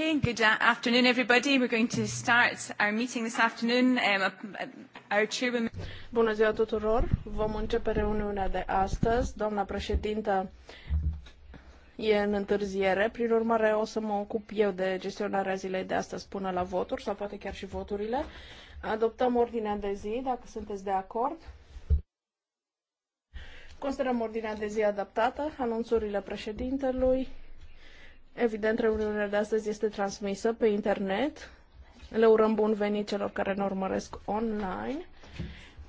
Okay, good uh, afternoon everybody. We're going to start our meeting this afternoon. Um, our chairwoman... Bună ziua tuturor. Vom începe reuniunea de astăzi. Doamna președintă e în întârziere, prin urmare o să mă ocup eu de gestionarea zilei de astăzi până la voturi sau poate chiar și voturile. Adoptăm ordinea de zi, dacă sunteți de acord. Considerăm ordinea de zi adaptată, anunțurile președintelui, Evident, reuniunea de astăzi este transmisă pe internet. Le urăm bun venit celor care ne urmăresc online.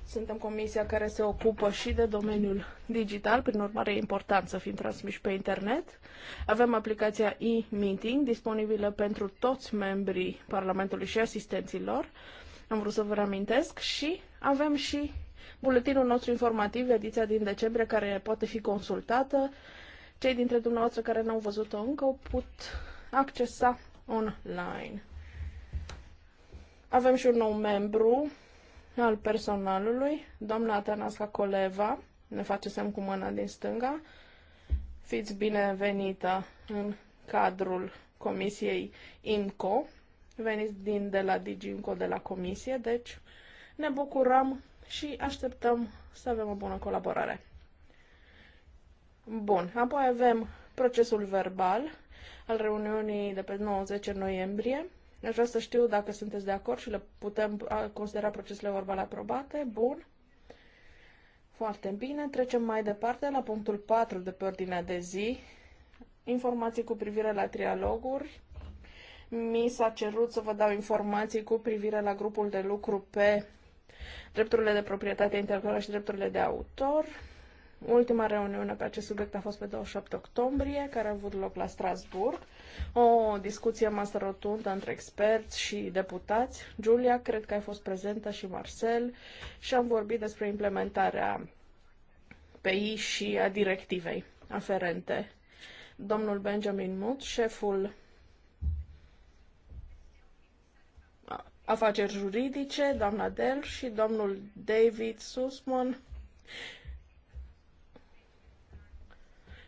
Suntem comisia care se ocupă și de domeniul digital, prin urmare e important să fim transmiși pe internet. Avem aplicația e-meeting disponibilă pentru toți membrii Parlamentului și asistenților. Am vrut să vă reamintesc și avem și buletinul nostru informativ, ediția din decembrie, care poate fi consultată cei dintre dumneavoastră care n-au văzut-o încă o pot accesa online. Avem și un nou membru al personalului, doamna Atanasca Coleva, ne face semn cu mâna din stânga. Fiți binevenită în cadrul Comisiei IMCO. Veniți din de la DigiIMCO, de la Comisie, deci ne bucurăm și așteptăm să avem o bună colaborare. Bun, apoi avem procesul verbal al reuniunii de pe 90 noiembrie. Aș vrea să știu dacă sunteți de acord și le putem considera procesele verbale aprobate. Bun. Foarte bine. Trecem mai departe la punctul 4 de pe ordinea de zi. Informații cu privire la trialoguri. Mi s-a cerut să vă dau informații cu privire la grupul de lucru pe drepturile de proprietate intelectuală și drepturile de autor Ultima reuniune pe acest subiect a fost pe 28 octombrie, care a avut loc la Strasburg. O discuție masă rotundă între experți și deputați. Julia, cred că ai fost prezentă și Marcel și am vorbit despre implementarea PI și a directivei aferente. Domnul Benjamin Mut, șeful afaceri juridice, doamna Del și domnul David Sussman,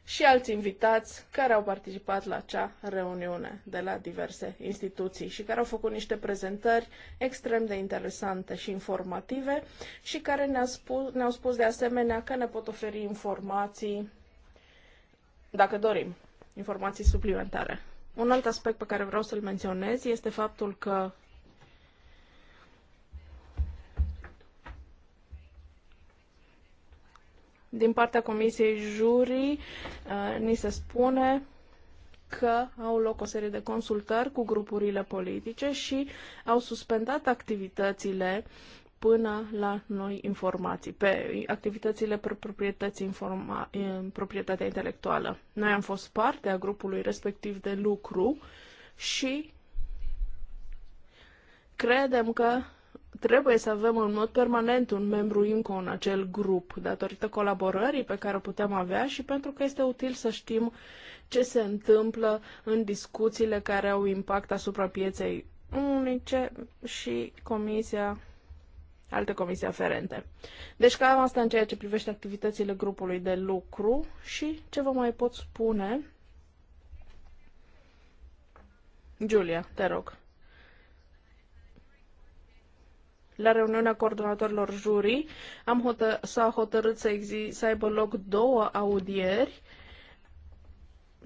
și alți invitați care au participat la acea reuniune de la diverse instituții și care au făcut niște prezentări extrem de interesante și informative și care ne-au spus, ne spus de asemenea că ne pot oferi informații, dacă dorim, informații suplimentare. Un alt aspect pe care vreau să-l menționez este faptul că Din partea Comisiei Jurii uh, ni se spune că au loc o serie de consultări cu grupurile politice și au suspendat activitățile până la noi informații, pe activitățile pe proprietăți informa, eh, proprietatea intelectuală. Noi am fost parte a grupului respectiv de lucru și credem că trebuie să avem în mod permanent un membru INCO în acel grup, datorită colaborării pe care o putem avea și pentru că este util să știm ce se întâmplă în discuțiile care au impact asupra pieței unice și comisia alte comisii aferente. Deci cam asta în ceea ce privește activitățile grupului de lucru și ce vă mai pot spune. Julia, te rog. La reuniunea coordonatorilor jurii am hotă- s-a hotărât să, exi- să aibă loc două audieri,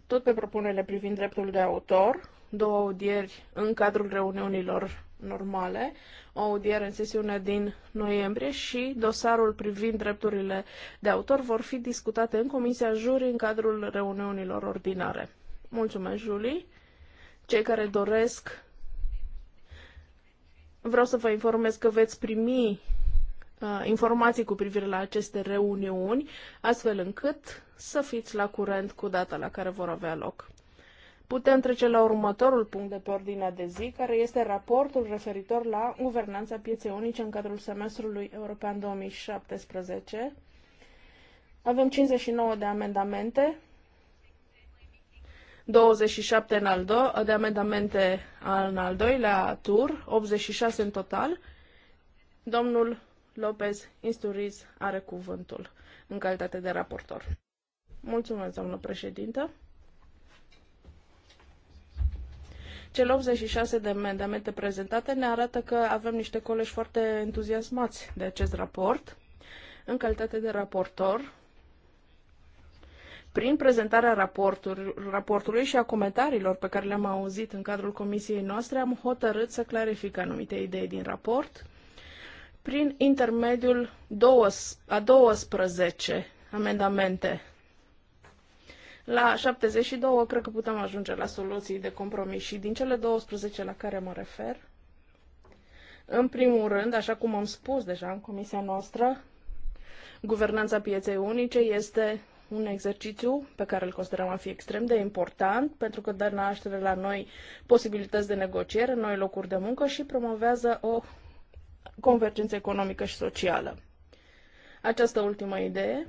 tot pe propunerile privind dreptul de autor, două audieri în cadrul reuniunilor normale, o audiere în sesiunea din noiembrie și dosarul privind drepturile de autor vor fi discutate în Comisia Juri în cadrul reuniunilor ordinare. Mulțumesc, Julie! Cei care doresc Vreau să vă informez că veți primi uh, informații cu privire la aceste reuniuni, astfel încât să fiți la curent cu data la care vor avea loc. Putem trece la următorul punct de pe ordinea de zi, care este raportul referitor la guvernanța pieței unice în cadrul semestrului european 2017. Avem 59 de amendamente 27 în al do- de amendamente în al doilea tur, 86 în total. Domnul Lopez Insturiz are cuvântul în calitate de raportor. Mulțumesc, doamnă președintă. Cele 86 de amendamente prezentate ne arată că avem niște colegi foarte entuziasmați de acest raport. În calitate de raportor, prin prezentarea raportului și a comentariilor pe care le-am auzit în cadrul comisiei noastre, am hotărât să clarific anumite idei din raport prin intermediul a 12 amendamente. La 72 cred că putem ajunge la soluții de compromis și din cele 12 la care mă refer, în primul rând, așa cum am spus deja în comisia noastră, guvernanța pieței unice este un exercițiu pe care îl considerăm a fi extrem de important pentru că dă naștere la noi posibilități de negociere, noi locuri de muncă și promovează o convergență economică și socială. Această ultimă idee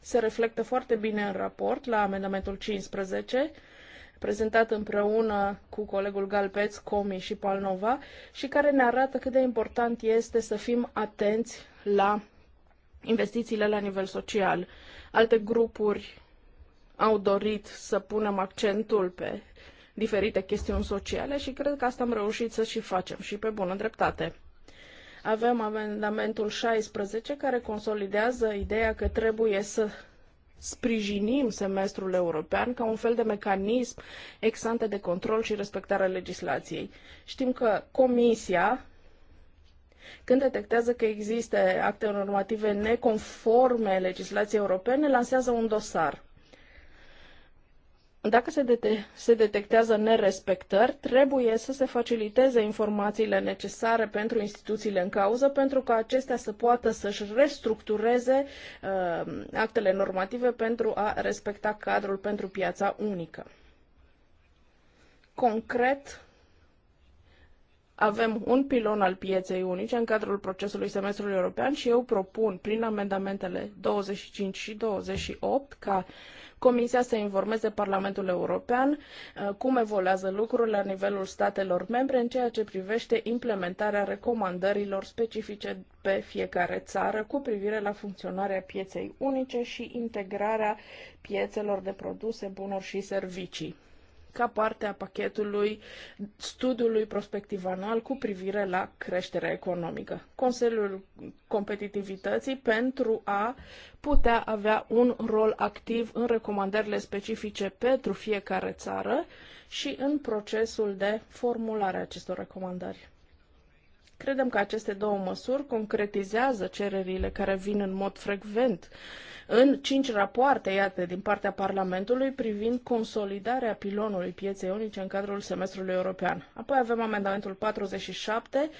se reflectă foarte bine în raport la amendamentul 15, prezentat împreună cu colegul Galpeț, Comi și Palnova și care ne arată cât de important este să fim atenți la investițiile la nivel social. Alte grupuri au dorit să punem accentul pe diferite chestiuni sociale și cred că asta am reușit să și facem și pe bună dreptate. Avem amendamentul 16 care consolidează ideea că trebuie să sprijinim semestrul european ca un fel de mecanism ex ante de control și respectarea legislației. Știm că Comisia când detectează că există acte normative neconforme legislației europene, lansează un dosar. Dacă se, dete- se detectează nerespectări, trebuie să se faciliteze informațiile necesare pentru instituțiile în cauză, pentru ca acestea să poată să-și restructureze uh, actele normative pentru a respecta cadrul pentru piața unică. Concret, avem un pilon al pieței unice în cadrul procesului semestrului european și eu propun prin amendamentele 25 și 28 ca Comisia să informeze Parlamentul European uh, cum evoluează lucrurile la nivelul statelor membre în ceea ce privește implementarea recomandărilor specifice pe fiecare țară cu privire la funcționarea pieței unice și integrarea piețelor de produse, bunuri și servicii ca parte a pachetului studiului prospectiv anual cu privire la creșterea economică. Consiliul Competitivității pentru a putea avea un rol activ în recomandările specifice pentru fiecare țară și în procesul de formulare a acestor recomandări. Credem că aceste două măsuri concretizează cererile care vin în mod frecvent în cinci rapoarte, iată, din partea Parlamentului privind consolidarea pilonului pieței unice în cadrul semestrului european. Apoi avem amendamentul 47,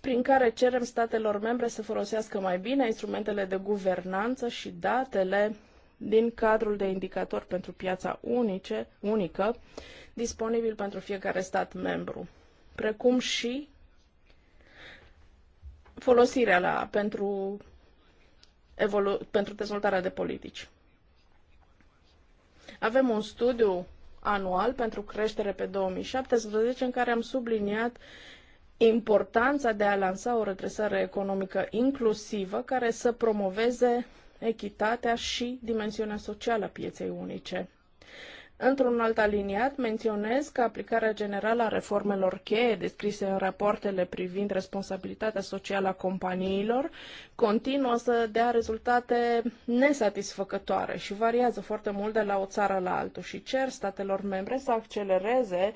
prin care cerem statelor membre să folosească mai bine instrumentele de guvernanță și datele din cadrul de indicator pentru piața unice, unică disponibil pentru fiecare stat membru, precum și folosirea la, pentru, evolu- pentru dezvoltarea de politici. Avem un studiu anual pentru creștere pe 2017 în care am subliniat importanța de a lansa o redresare economică inclusivă care să promoveze echitatea și dimensiunea socială a pieței unice. Într-un alt aliniat menționez că aplicarea generală a reformelor cheie descrise în rapoartele privind responsabilitatea socială a companiilor continuă să dea rezultate nesatisfăcătoare și variază foarte mult de la o țară la alta, și cer statelor membre să accelereze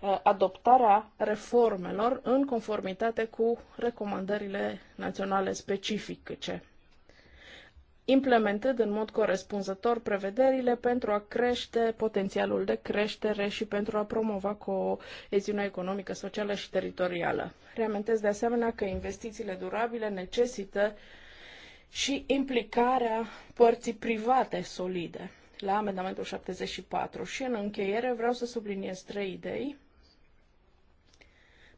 uh, adoptarea reformelor în conformitate cu recomandările naționale specifice implementând în mod corespunzător prevederile pentru a crește potențialul de creștere și pentru a promova coeziunea economică, socială și teritorială. Reamintesc de asemenea că investițiile durabile necesită și implicarea părții private solide la amendamentul 74. Și în încheiere vreau să subliniez trei idei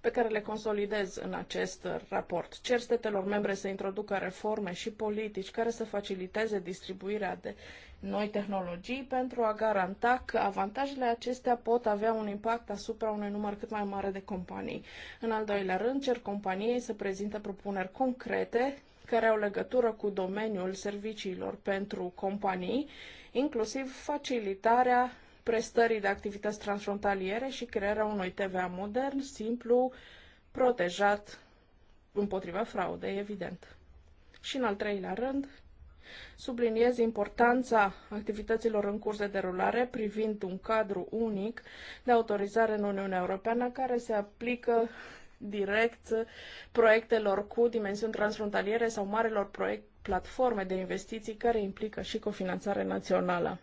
pe care le consolidez în acest raport. Cer statelor membre să introducă reforme și politici care să faciliteze distribuirea de noi tehnologii pentru a garanta că avantajele acestea pot avea un impact asupra unui număr cât mai mare de companii. În al doilea rând, cer companiei să prezinte propuneri concrete care au legătură cu domeniul serviciilor pentru companii, inclusiv facilitarea prestării de activități transfrontaliere și crearea unui TVA modern, simplu, protejat împotriva fraudei, evident. Și în al treilea rând, Subliniez importanța activităților în curs de derulare privind un cadru unic de autorizare în Uniunea Europeană care se aplică direct proiectelor cu dimensiuni transfrontaliere sau marilor proiect platforme de investiții care implică și cofinanțare națională.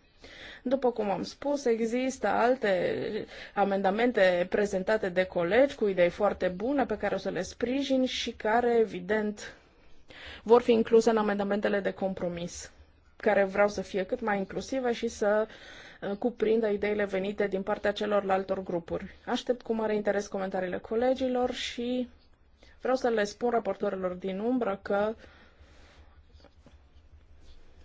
După cum am spus, există alte amendamente prezentate de colegi cu idei foarte bune pe care o să le sprijin și care, evident, vor fi incluse în amendamentele de compromis, care vreau să fie cât mai inclusive și să uh, cuprindă ideile venite din partea celorlaltor grupuri. Aștept cu mare interes comentariile colegilor și vreau să le spun raportorilor din umbră că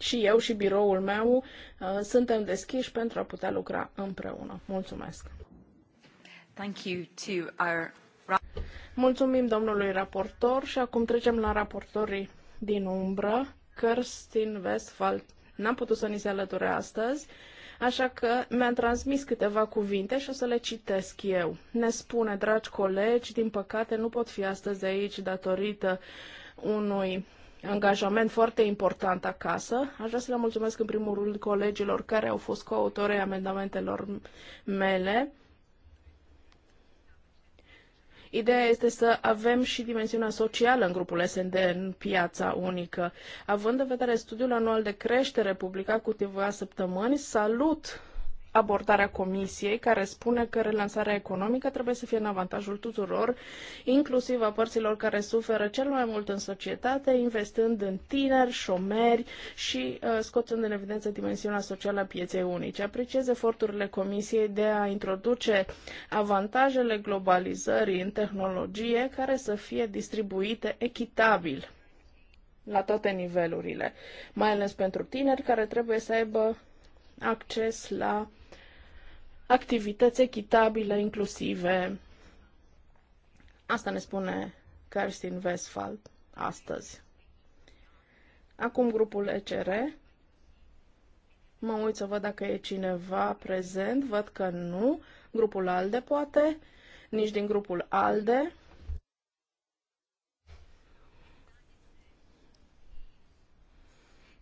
și eu și biroul meu uh, suntem deschiși pentru a putea lucra împreună. Mulțumesc! Thank you to our... Mulțumim domnului raportor și acum trecem la raportorii din umbră. Kirstin Westphal n-a putut să ni se alăture astăzi, așa că mi-a transmis câteva cuvinte și o să le citesc eu. Ne spune, dragi colegi, din păcate nu pot fi astăzi aici datorită unui angajament foarte important acasă. Aș vrea să le mulțumesc în primul rând colegilor care au fost coautorii amendamentelor mele. Ideea este să avem și dimensiunea socială în grupul SND în piața unică. Având în vedere studiul anual de creștere publicat cu TVA săptămâni, salut abordarea Comisiei, care spune că relansarea economică trebuie să fie în avantajul tuturor, inclusiv a părților care suferă cel mai mult în societate, investând în tineri, șomeri și uh, scoțând în evidență dimensiunea socială a pieței unice. Apreciez eforturile Comisiei de a introduce avantajele globalizării în tehnologie care să fie distribuite echitabil la toate nivelurile, mai ales pentru tineri care trebuie să aibă acces la activități echitabile, inclusive. Asta ne spune Kerstin Westphal astăzi. Acum grupul ECR. Mă uit să văd dacă e cineva prezent, văd că nu. Grupul ALDE poate, nici din grupul ALDE.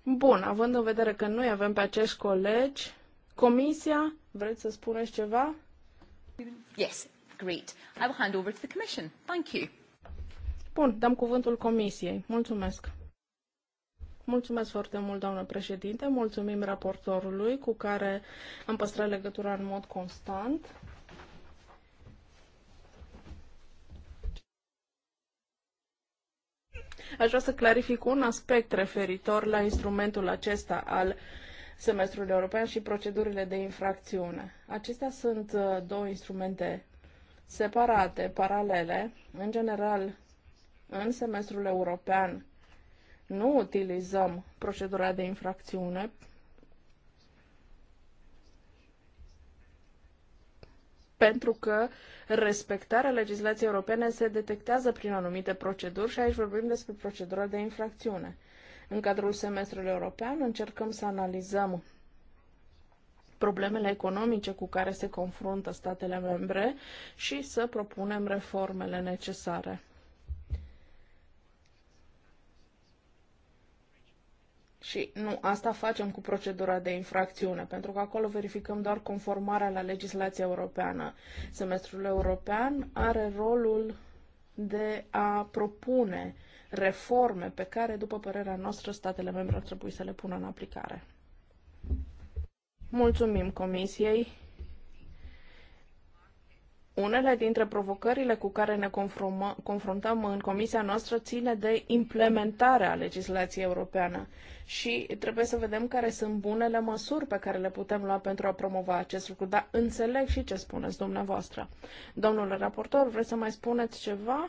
Bun, având în vedere că noi avem pe acești colegi, Comisia, vreți să spuneți ceva? Yes, great. I will hand over to the Commission. Thank you. Bun, dăm cuvântul Comisiei. Mulțumesc. Mulțumesc foarte mult, doamnă președinte. Mulțumim raportorului cu care am păstrat legătura în mod constant. Aș vrea să clarific un aspect referitor la instrumentul acesta al semestrul european și procedurile de infracțiune. Acestea sunt uh, două instrumente separate, paralele. În general, în semestrul european nu utilizăm procedura de infracțiune pentru că respectarea legislației europene se detectează prin anumite proceduri și aici vorbim despre procedura de infracțiune. În cadrul semestrului european încercăm să analizăm problemele economice cu care se confruntă statele membre și să propunem reformele necesare. Și nu, asta facem cu procedura de infracțiune, pentru că acolo verificăm doar conformarea la legislația europeană. Semestrul european are rolul de a propune uh, reforme pe care, după părerea noastră, statele membre ar trebui să le pună în aplicare. Mulțumim Comisiei. Unele dintre provocările cu care ne confruntăm în comisia noastră ține de implementarea legislației europeană și trebuie să vedem care sunt bunele măsuri pe care le putem lua pentru a promova acest lucru, dar înțeleg și ce spuneți dumneavoastră. Domnule raportor, vreți să mai spuneți ceva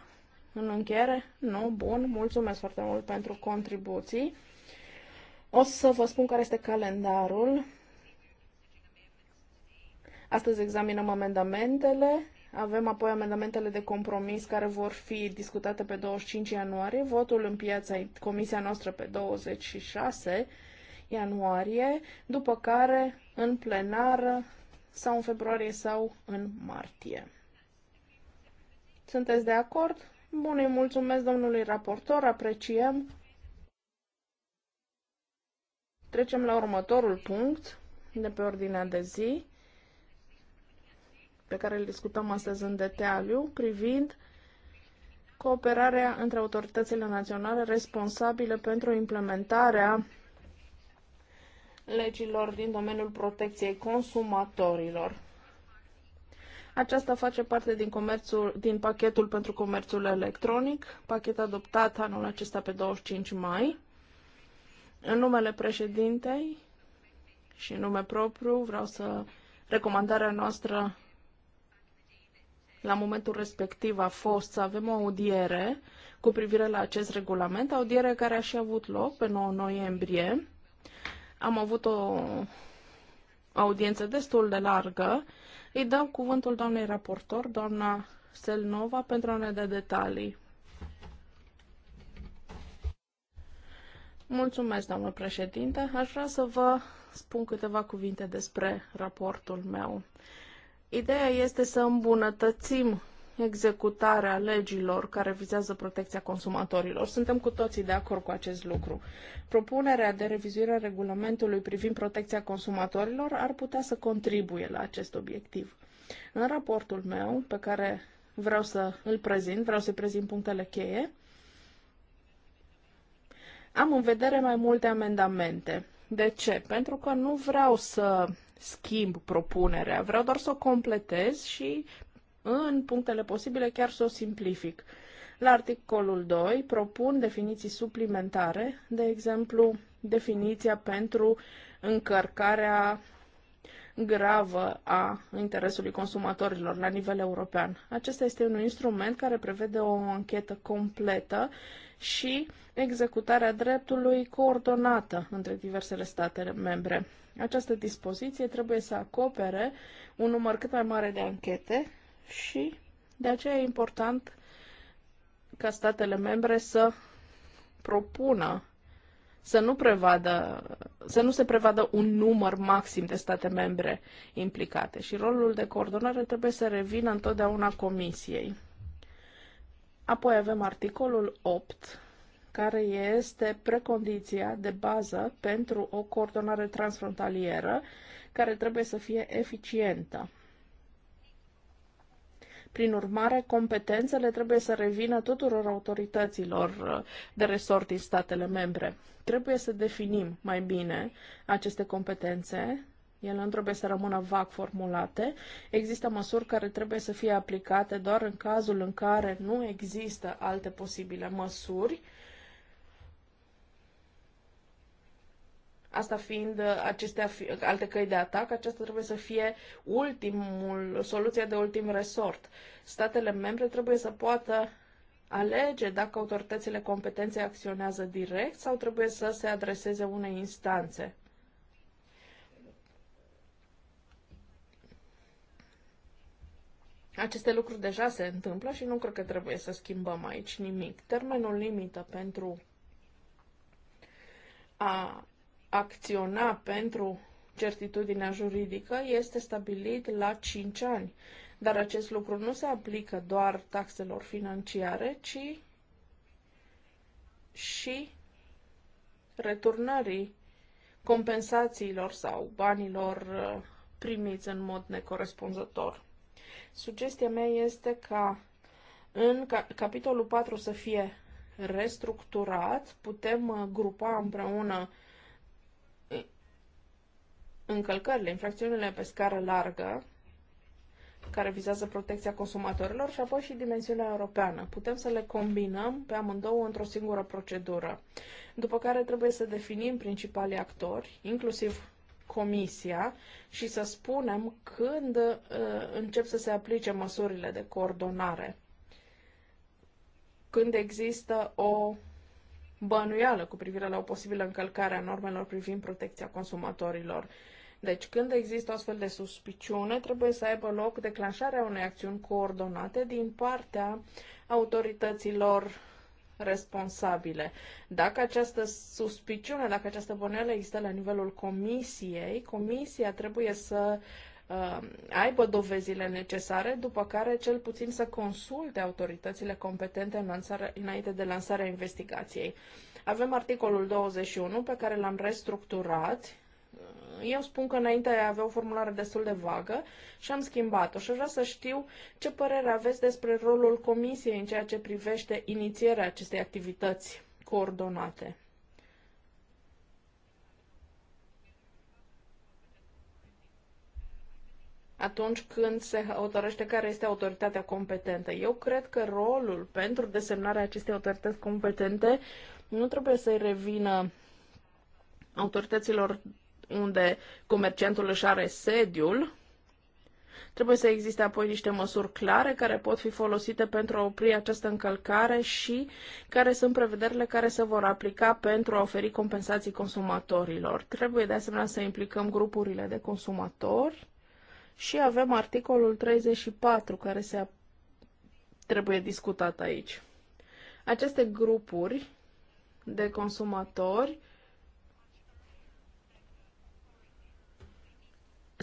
în încheiere? Nu? Bun. Mulțumesc foarte mult pentru contribuții. O să vă spun care este calendarul. Astăzi examinăm amendamentele. Avem apoi amendamentele de compromis care vor fi discutate pe 25 ianuarie, votul în piața comisia noastră pe 26 ianuarie, după care în plenară sau în februarie sau în martie. Sunteți de acord? Bun, îi mulțumesc domnului raportor, apreciem. Trecem la următorul punct de pe ordinea de zi, pe care îl discutăm astăzi în detaliu, privind cooperarea între autoritățile naționale responsabile pentru implementarea legilor din domeniul protecției consumatorilor. Aceasta face parte din, comerțul, din pachetul pentru comerțul electronic, pachet adoptat anul acesta pe 25 mai. În numele președintei și în nume propriu vreau să recomandarea noastră la momentul respectiv a fost să avem o audiere cu privire la acest regulament, audiere care a și avut loc pe 9 noiembrie. Am avut o audiență destul de largă îi dau cuvântul doamnei raportor, doamna Selnova, pentru a ne da detalii. Mulțumesc, doamnă președinte. Aș vrea să vă spun câteva cuvinte despre raportul meu. Ideea este să îmbunătățim executarea legilor care vizează protecția consumatorilor. Suntem cu toții de acord cu acest lucru. Propunerea de revizuire a regulamentului privind protecția consumatorilor ar putea să contribuie la acest obiectiv. În raportul meu, pe care vreau să îl prezint, vreau să prezint punctele cheie, am în vedere mai multe amendamente. De ce? Pentru că nu vreau să schimb propunerea, vreau doar să o completez și în punctele posibile chiar să o simplific. La articolul 2 propun definiții suplimentare, de exemplu, definiția pentru încărcarea gravă a interesului consumatorilor la nivel european. Acesta este un instrument care prevede o anchetă completă și executarea dreptului coordonată între diversele state membre. Această dispoziție trebuie să acopere un număr cât mai mare de anchete și de aceea e important ca statele membre să propună să nu prevadă, să nu se prevadă un număr maxim de state membre implicate și rolul de coordonare trebuie să revină întotdeauna comisiei. Apoi avem articolul 8, care este precondiția de bază pentru o coordonare transfrontalieră care trebuie să fie eficientă. Prin urmare, competențele trebuie să revină tuturor autorităților uh, de resort din statele membre. Trebuie să definim mai bine aceste competențe, ele nu trebuie să rămână vag formulate. Există măsuri care trebuie să fie aplicate doar în cazul în care nu există alte posibile măsuri Asta fiind uh, acestea alte căi de atac, aceasta trebuie să fie ultimul, soluția de ultim resort. Statele membre trebuie să poată alege dacă autoritățile competențe acționează direct sau trebuie să se adreseze unei instanțe. Aceste lucruri deja se întâmplă și nu cred că trebuie să schimbăm aici nimic. Termenul limită pentru a acționa pentru certitudinea juridică este stabilit la 5 ani, dar acest lucru nu se aplică doar taxelor financiare, ci și returnării compensațiilor sau banilor uh, primiți în mod necorespunzător. Sugestia mea este ca în capitolul 4 să fie restructurat, putem uh, grupa împreună încălcările, infracțiunile pe scară largă, care vizează protecția consumatorilor și apoi și dimensiunea europeană. Putem să le combinăm pe amândouă într-o singură procedură, după care trebuie să definim principalii actori, inclusiv comisia, și să spunem când uh, încep să se aplice măsurile de coordonare. Când există o bănuială cu privire la o posibilă încălcare a normelor privind protecția consumatorilor. Uh, deci, când există o astfel de suspiciune, trebuie să aibă loc declanșarea unei acțiuni coordonate din partea autorităților responsabile. Dacă această suspiciune, dacă această bănuială există la nivelul comisiei, comisia trebuie să uh, aibă dovezile necesare, după care cel puțin să consulte autoritățile competente în lansare, înainte de lansarea investigației. Avem articolul 21 pe care l-am restructurat eu spun că înainte avea o formulare destul de vagă și am schimbat-o și vreau să știu ce părere aveți despre rolul Comisiei în ceea ce privește inițierea acestei activități coordonate. atunci când se hotărăște care este autoritatea competentă. Eu cred că rolul pentru desemnarea acestei autorități competente nu trebuie să-i revină autorităților unde comerciantul își are sediul, Trebuie să existe apoi niște măsuri clare care pot fi folosite pentru a opri această încălcare și care sunt prevederile care se vor aplica pentru a oferi compensații consumatorilor. Trebuie de asemenea să implicăm grupurile de consumatori și avem articolul 34 care se trebuie discutat aici. Aceste grupuri de consumatori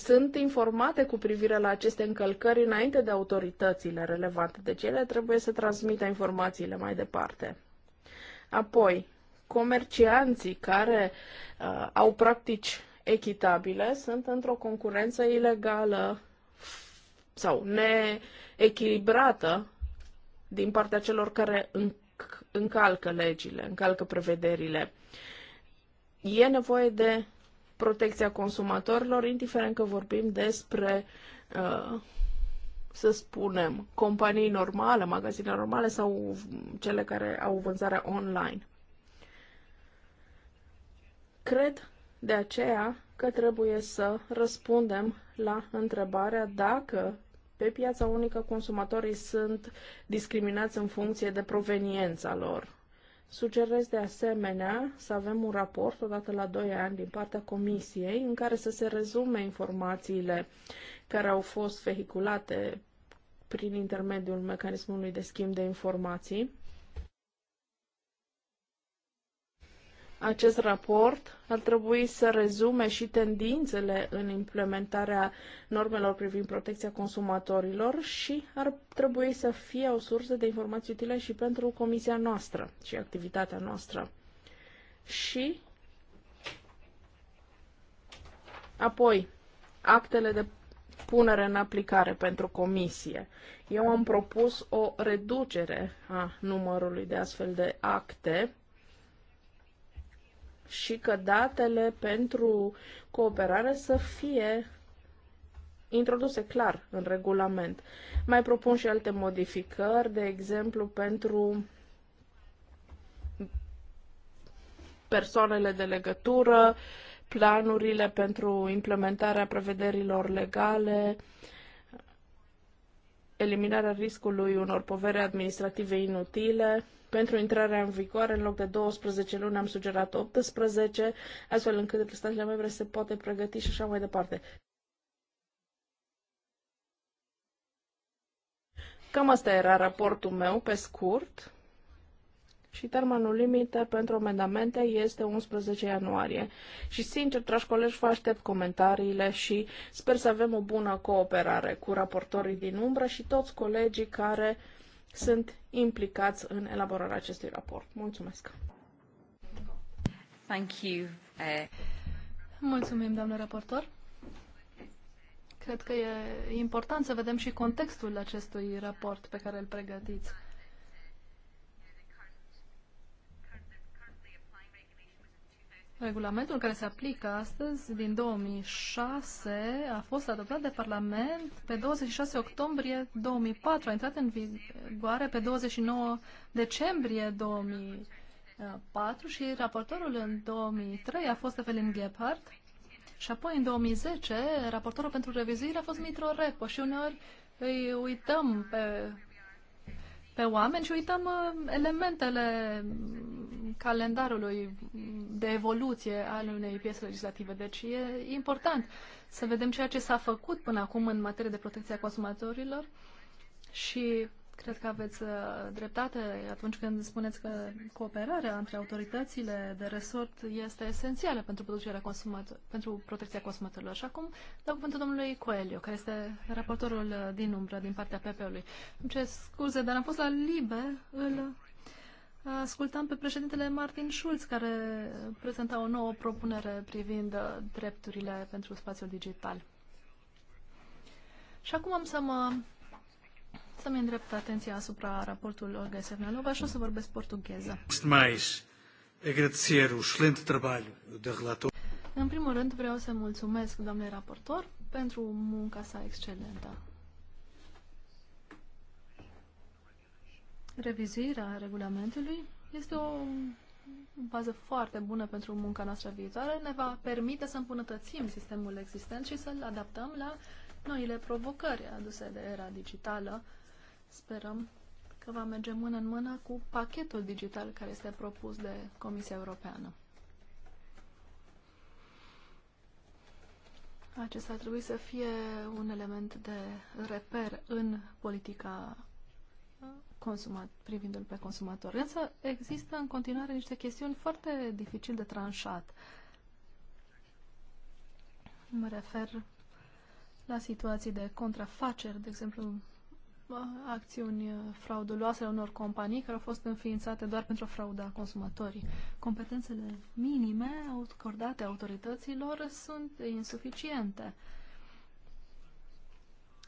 sunt informate cu privire la aceste încălcări înainte de autoritățile relevante, deci ele trebuie să transmită informațiile mai departe. Apoi, comercianții care uh, au practici echitabile sunt într-o concurență ilegală sau neechilibrată din partea celor care înc- încalcă legile, încalcă prevederile. E nevoie de protecția consumatorilor, indiferent că vorbim despre, uh, să spunem, companii normale, magazine normale sau cele care au vânzarea online. Cred de aceea că trebuie să răspundem la întrebarea dacă pe piața unică consumatorii sunt discriminați în funcție de proveniența lor Sugerez de asemenea să avem un raport odată la 2 ani din partea Comisiei în care să se rezume informațiile care au fost vehiculate prin intermediul mecanismului de schimb de informații Acest raport ar trebui să rezume și tendințele în implementarea normelor privind protecția consumatorilor și ar trebui să fie o sursă de informații utile și pentru comisia noastră și activitatea noastră. Și apoi, actele de punere în aplicare pentru comisie. Eu am propus o reducere a numărului de astfel de acte și că datele pentru cooperare să fie introduse clar în regulament. Mai propun și alte modificări, de exemplu pentru persoanele de legătură, planurile pentru implementarea prevederilor legale, eliminarea riscului unor povere administrative inutile. Pentru intrarea în vigoare, în loc de 12 luni, am sugerat 18, astfel încât statele membre se poate pregăti și așa mai departe. Cam asta era raportul meu, pe scurt. Și termenul limită pentru amendamente este 11 ianuarie. Și sincer, dragi colegi, vă aștept comentariile și sper să avem o bună cooperare cu raportorii din umbră și toți colegii care sunt implicați în elaborarea acestui raport. Mulțumesc! Thank you. Eh. Mulțumim, doamnă raportor. Cred că e important să vedem și contextul acestui raport pe care îl pregătiți. Regulamentul care se aplică astăzi, din 2006, a fost adoptat de Parlament pe 26 octombrie 2004, a intrat în vigoare pe 29 decembrie 2004 și raportorul în 2003 a fost Evelyn Gephardt și apoi în 2010 raportorul pentru revizuire a fost Mitro Repo și uneori îi uităm pe pe oameni și uităm uh, elementele calendarului de evoluție al unei piese legislative. Deci e important să vedem ceea ce s-a făcut până acum în materie de protecție a consumatorilor și Cred că aveți uh, dreptate atunci când spuneți că cooperarea între autoritățile de resort este esențială pentru, producerea pentru protecția consumatorilor. Și acum dau cuvântul domnului Coelio, care este raportorul uh, din umbră din partea PP-ului. Îmi cer scuze, dar am fost la Libe, îl uh, ascultam pe președintele Martin Schulz, care prezenta o nouă propunere privind drepturile pentru spațiul digital. Și acum am să mă să-mi îndrept atenția asupra raportului Olga Sernalova și o să vorbesc portugheză. Da În primul rând vreau să mulțumesc domnului raportor pentru munca sa excelentă. Revizuirea regulamentului este o bază foarte bună pentru munca noastră viitoare. Ne va permite să îmbunătățim sistemul existent și să-l adaptăm la noile provocări aduse de era digitală Sperăm că va merge mână în mână cu pachetul digital care este propus de Comisia Europeană. Acesta ar trebui să fie un element de reper în politica consumat, privindu-l pe consumator. Însă există în continuare niște chestiuni foarte dificil de tranșat. Mă refer la situații de contrafaceri, de exemplu, acțiuni uh, frauduloase ale unor companii care au fost înființate doar pentru a frauda consumatorii. Competențele minime acordate autorităților sunt insuficiente.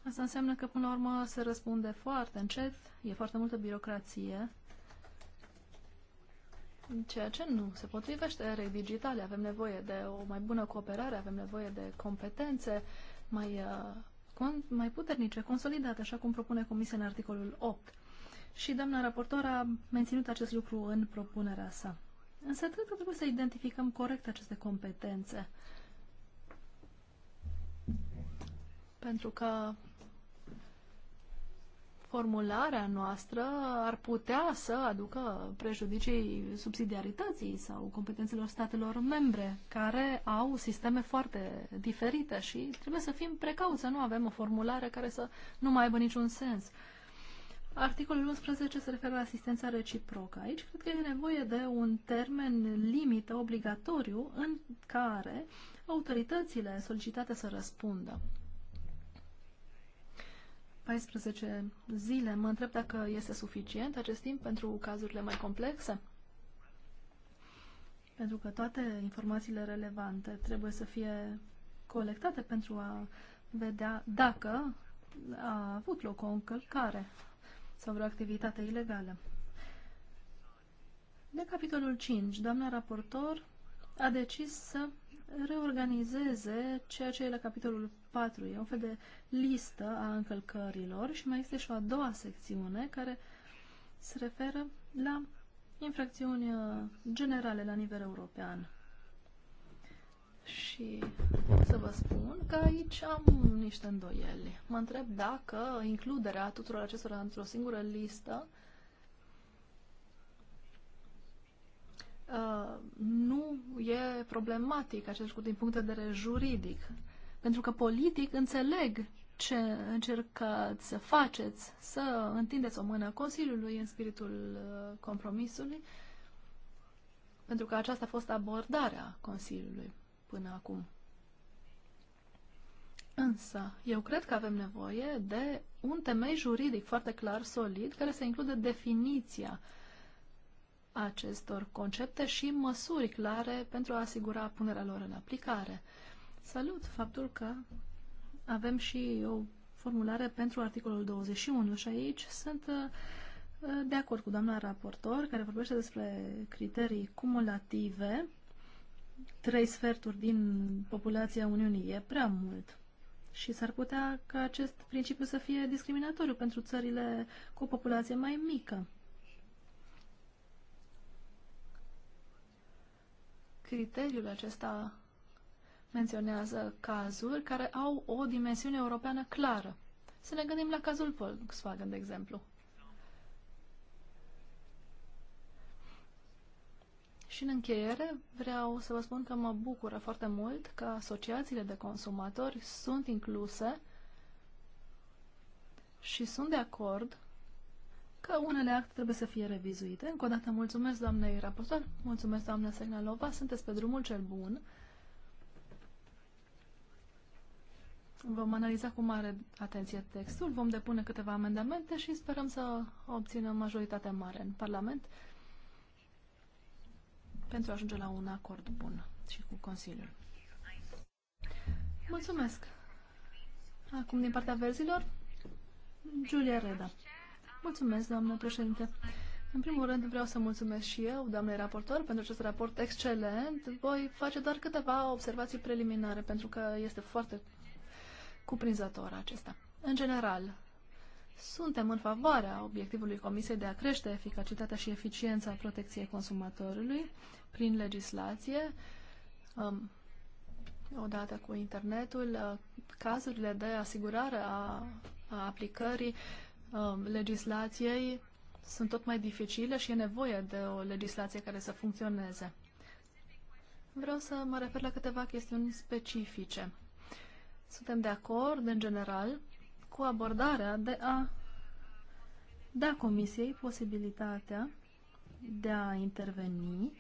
Asta înseamnă că, până la urmă, se răspunde foarte încet, e foarte multă birocrație, ceea ce nu se potrivește erei digitale. Avem nevoie de o mai bună cooperare, avem nevoie de competențe mai uh, con mai puternice, consolidate, așa cum propune Comisia în articolul 8. Și doamna raportor a menținut acest lucru în propunerea sa. Însă cred că trebuie să identificăm corect aceste competențe. Pentru că formularea noastră ar putea să aducă prejudicii subsidiarității sau competențelor statelor membre, care au sisteme foarte diferite și trebuie să fim precauți, să nu avem o formulare care să nu mai aibă niciun sens. Articolul 11 se referă la asistența reciprocă. Aici cred că e nevoie de un termen limită obligatoriu în care autoritățile solicitate să răspundă. 14 zile. Mă întreb dacă este suficient acest timp pentru cazurile mai complexe? Pentru că toate informațiile relevante trebuie să fie colectate pentru a vedea dacă a avut loc o încălcare sau vreo activitate ilegală. De capitolul 5, doamna raportor a decis să reorganizeze ceea ce e la capitolul 4. E un fel de listă a încălcărilor și mai este și o a doua secțiune care se referă la infracțiuni uh, generale la nivel european. Și pot să vă spun că aici am niște îndoieli. Mă întreb dacă includerea tuturor acestora într-o singură listă Uh, nu e problematic acest lucru din punct de vedere juridic. Pentru că politic înțeleg ce încercați să faceți, să întindeți o mână Consiliului în spiritul uh, compromisului, pentru că aceasta a fost abordarea Consiliului până acum. Însă, eu cred că avem nevoie de un temei juridic foarte clar, solid, care să includă definiția uh, acestor concepte și măsuri clare pentru a asigura punerea lor în aplicare. Salut faptul că avem și o formulare pentru articolul 21 și aici sunt uh, de acord cu doamna raportor care vorbește despre criterii cumulative. Trei sferturi din populația Uniunii e prea mult și s-ar putea ca acest principiu să fie discriminatoriu pentru țările cu o populație mai mică. criteriul acesta menționează cazuri care au o dimensiune europeană clară. Să ne gândim la cazul Volkswagen, de exemplu. Și în încheiere vreau să vă spun că mă bucură foarte mult că asociațiile de consumatori sunt incluse și sunt de acord că unele acte trebuie să fie revizuite. Încă o dată mulțumesc doamnei raportor, mulțumesc doamna Segnalova, sunteți pe drumul cel bun. Vom analiza cu mare atenție textul, vom depune câteva amendamente și sperăm să obținem majoritatea mare în Parlament pentru a ajunge la un acord bun și cu Consiliul. Mulțumesc! Acum, din partea verzilor, Julia Reda. Mulțumesc, doamnă președinte. În primul rând vreau să mulțumesc și eu, doamnei raportor, pentru acest raport excelent. Voi face doar câteva observații preliminare, pentru că este foarte cuprinzător acesta. În general, suntem în favoarea obiectivului Comisiei de a crește eficacitatea și eficiența protecției consumatorului prin legislație, um, odată cu internetul, uh, cazurile de asigurare a, a aplicării Um, legislației sunt tot mai dificile și e nevoie de o legislație care să funcționeze. Vreau să mă refer la câteva chestiuni specifice. Suntem de acord, în general, cu abordarea de a da Comisiei posibilitatea de a interveni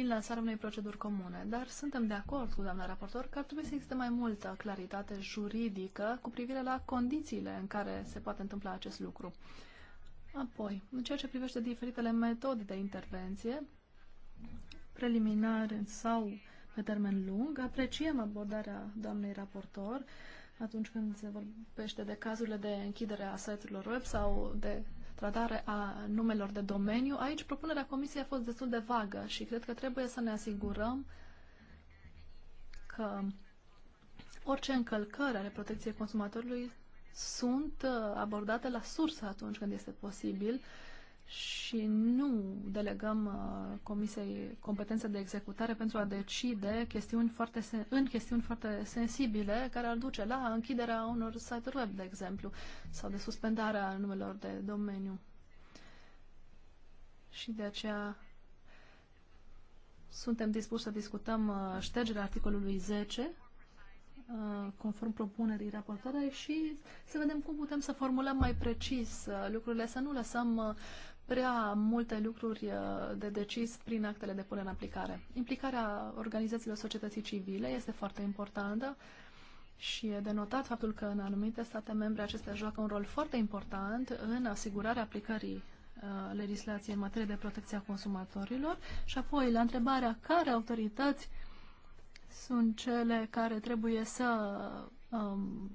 prin lansarea unei proceduri comune, dar suntem de acord cu doamna raportor că ar trebui să existe mai multă claritate juridică cu privire la condițiile în care se poate întâmpla acest lucru. Apoi, în ceea ce privește diferitele metode de intervenție, preliminar sau pe termen lung, apreciem abordarea doamnei raportor atunci când se vorbește de cazurile de închidere a site-urilor web sau de tratare a numelor de domeniu. Aici propunerea comisiei a fost destul de vagă și cred că trebuie să ne asigurăm că orice încălcări ale protecției consumatorului sunt uh, abordate la sursă atunci când este posibil și nu delegăm uh, Comisiei competențe de executare pentru a decide chestiuni foarte în chestiuni foarte sensibile care ar duce la închiderea unor site-uri web, de exemplu, sau de suspendarea numelor de domeniu. Și de aceea suntem dispuși să discutăm uh, ștergerea articolului 10 uh, conform propunerii raportării și să vedem cum putem să formulăm mai precis uh, lucrurile, să nu lăsăm uh, prea multe lucruri uh, de decis prin actele de pune în aplicare. Implicarea organizațiilor societății civile este foarte importantă și e denotat faptul că în anumite state membre acestea joacă un rol foarte important în asigurarea aplicării uh, legislației în materie de protecție a consumatorilor și apoi la întrebarea care autorități sunt cele care trebuie să um,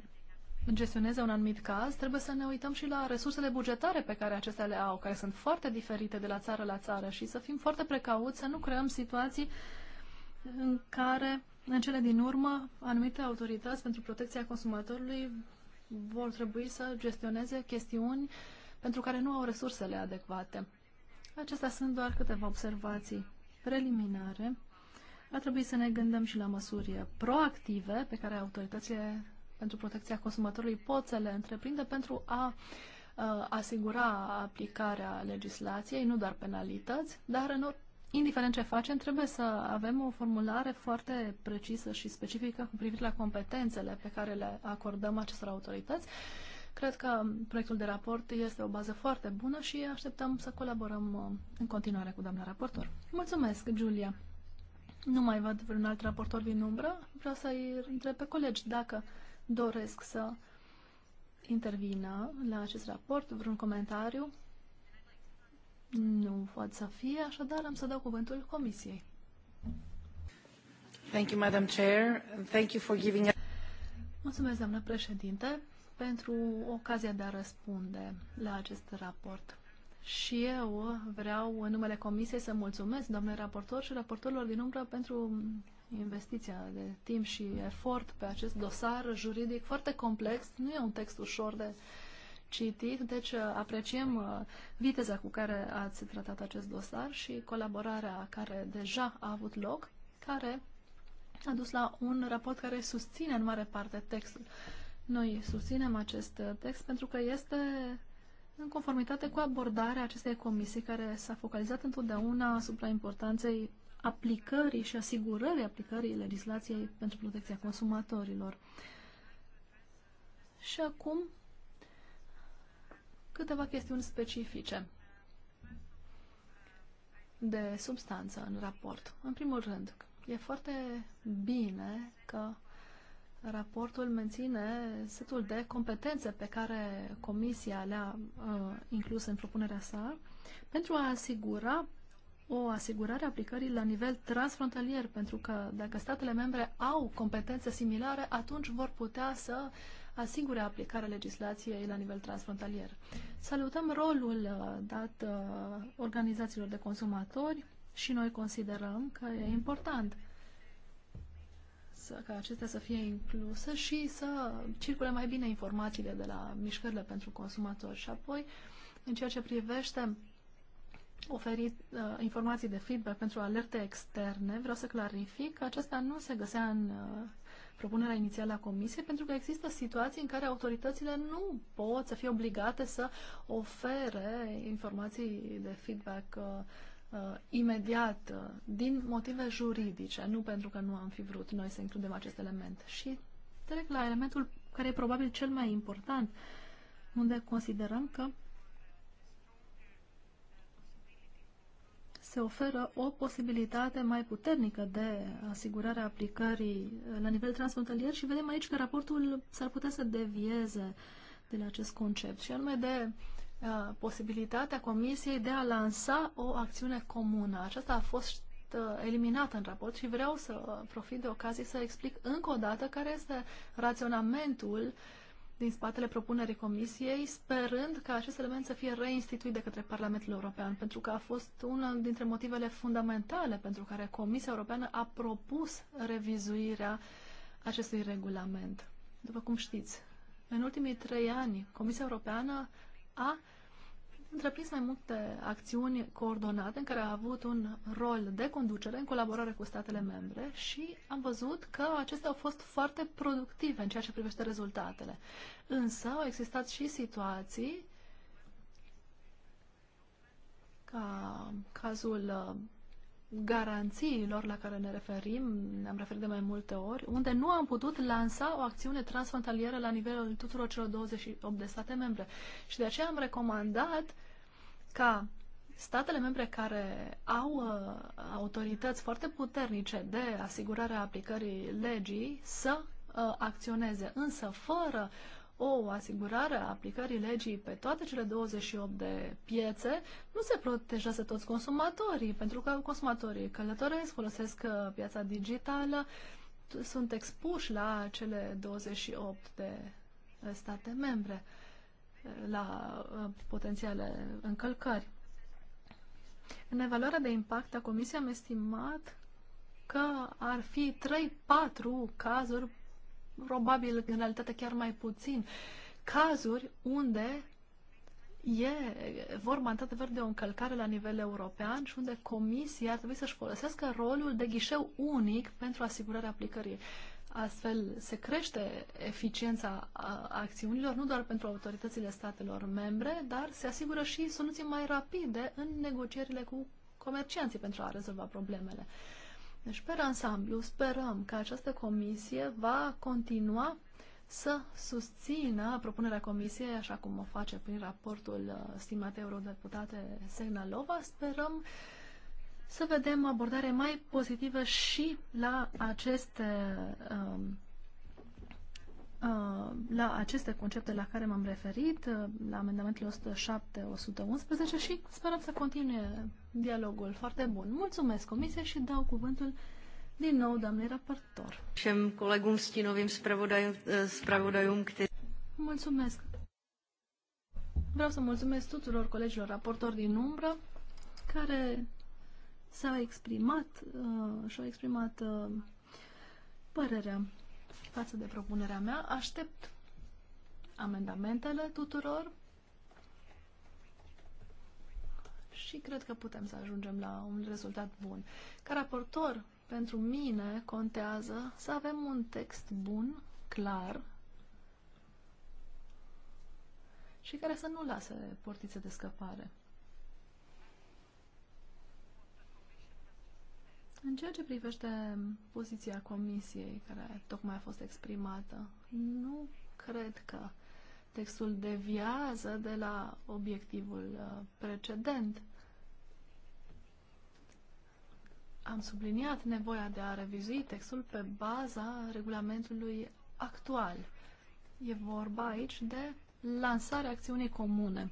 gestioneze un anumit caz, trebuie să ne uităm și la resursele bugetare pe care acestea le au, care sunt foarte diferite de la țară la țară și să fim foarte precauți să nu creăm situații în care, în cele din urmă, anumite autorități pentru protecția consumatorului vor trebui să gestioneze chestiuni pentru care nu au resursele adecvate. Acestea sunt doar câteva observații preliminare. Va trebui să ne gândăm și la măsuri proactive pe care autoritățile pentru protecția consumatorului pot să le întreprindă pentru a uh, asigura aplicarea legislației, nu doar penalități, dar în indiferent ce facem, trebuie să avem o formulare foarte precisă și specifică cu privire la competențele pe care le acordăm acestor autorități. Cred că proiectul de raport este o bază foarte bună și așteptăm să colaborăm uh, în continuare cu doamna raportor. Mulțumesc, Giulia! Nu mai văd vreun alt raportor din umbră. Vreau să-i întreb pe colegi dacă doresc să intervină la acest raport? Vreun comentariu? Nu poate să fie, așadar am să dau cuvântul Comisiei. Thank you, Madam Chair. Thank you for giving Mulțumesc, doamnă președinte, pentru ocazia de a răspunde la acest raport. Și eu vreau, în numele Comisiei, să mulțumesc, doamne raportor și raportorilor din umbră, pentru investiția de timp și efort pe acest dosar juridic foarte complex. Nu e un text ușor de citit, deci uh, apreciem uh, viteza cu care ați tratat acest dosar și colaborarea care deja a avut loc, care a dus la un raport care susține în mare parte textul. Noi susținem acest text pentru că este în conformitate cu abordarea acestei comisii care s-a focalizat întotdeauna asupra importanței aplicării și asigurării aplicării legislației pentru protecția consumatorilor. Și acum câteva chestiuni specifice de substanță în raport. În primul rând, e foarte bine că raportul menține setul de competențe pe care Comisia le-a uh, inclus în propunerea sa pentru a asigura o asigurare a aplicării la nivel transfrontalier, pentru că dacă statele membre au competențe similare, atunci vor putea să asigure aplicarea legislației la nivel transfrontalier. Salutăm rolul uh, dat uh, organizațiilor de consumatori și noi considerăm că e important să, ca acestea să fie incluse și să circule mai bine informațiile de la mișcările pentru consumatori. Și apoi, în ceea ce privește oferi uh, informații de feedback pentru alerte externe, vreau să clarific că acesta nu se găsea în uh, propunerea inițială a Comisiei, pentru că există situații în care autoritățile nu pot să fie obligate să ofere informații de feedback uh, uh, imediat, uh, din motive juridice, nu pentru că nu am fi vrut noi să includem acest element. Și trec la elementul care e probabil cel mai important, unde considerăm că se oferă o posibilitate mai puternică de asigurare a aplicării la nivel transfrontalier și vedem aici că raportul s-ar putea să devieze de acest concept și anume de posibilitatea Comisiei de a lansa o acțiune comună. Aceasta a fost eliminată în raport și vreau să profit de ocazie să explic încă o dată care este raționamentul uh, din spatele propunerii Comisiei, sperând ca acest element să fie reinstituit de către Parlamentul European, pentru că a fost una dintre motivele fundamentale pentru care Comisia Europeană a propus revizuirea acestui regulament. După cum știți, în ultimii trei ani, Comisia Europeană a întreprins mai multe acțiuni coordonate în care a avut un rol de conducere în colaborare cu statele membre și am văzut că acestea au fost foarte productive în ceea ce privește rezultatele. Însă au existat și situații ca cazul uh, garanțiilor la care ne referim, ne-am referit de mai multe ori, unde nu am putut lansa o acțiune transfrontalieră la nivelul tuturor celor 28 de state membre. Și de aceea am recomandat ca statele membre care au uh, autorități foarte puternice de asigurare a aplicării legii să uh, acționeze, însă fără o asigurare a aplicării legii pe toate cele 28 de piețe, nu se protejează toți consumatorii, pentru că consumatorii călătoresc, folosesc uh, piața digitală, sunt expuși la cele 28 de uh, state membre, uh, la potențiale încălcări. În evaluarea de impact a Comisiei am estimat că ar fi 3-4 cazuri probabil în realitate chiar mai puțin, cazuri unde e vorba într-adevăr de o încălcare la nivel european și unde comisia ar trebui să-și folosească rolul de ghișeu unic pentru asigurarea aplicării. Astfel se crește eficiența acțiunilor, nu doar pentru autoritățile statelor membre, dar se asigură și soluții mai rapide în negocierile cu comercianții pentru a rezolva problemele. Uh, deci, pe ansamblu, sperăm că această comisie va continua să susțină propunerea comisiei, așa cum o face prin raportul uh, stimate eurodeputate Segnalova. Sperăm să vedem abordare mai pozitivă și la aceste um, Uh, la aceste concepte la care m-am referit, uh, la amendamentele 107-111 și sperăm să continue dialogul foarte bun. Mulțumesc comisie și dau cuvântul din nou doamnei raportor. Všem kolegům stínovým spravodajům, eh, kteří... Mulțumesc. Vreau să mulțumesc tuturor colegilor raportori din umbră care s-au exprimat uh, și-au exprimat uh, părerea față de propunerea mea. Aștept amendamentele tuturor și cred că putem să ajungem la un rezultat bun. Ca raportor, pentru mine contează să avem un text bun, clar și care să nu lase portițe de scăpare. În ceea ce privește poziția comisiei care tocmai a fost exprimată, nu cred că textul deviază de la obiectivul uh, precedent. Am subliniat nevoia de a revizui textul pe baza regulamentului actual. E vorba aici de lansarea acțiunii comune.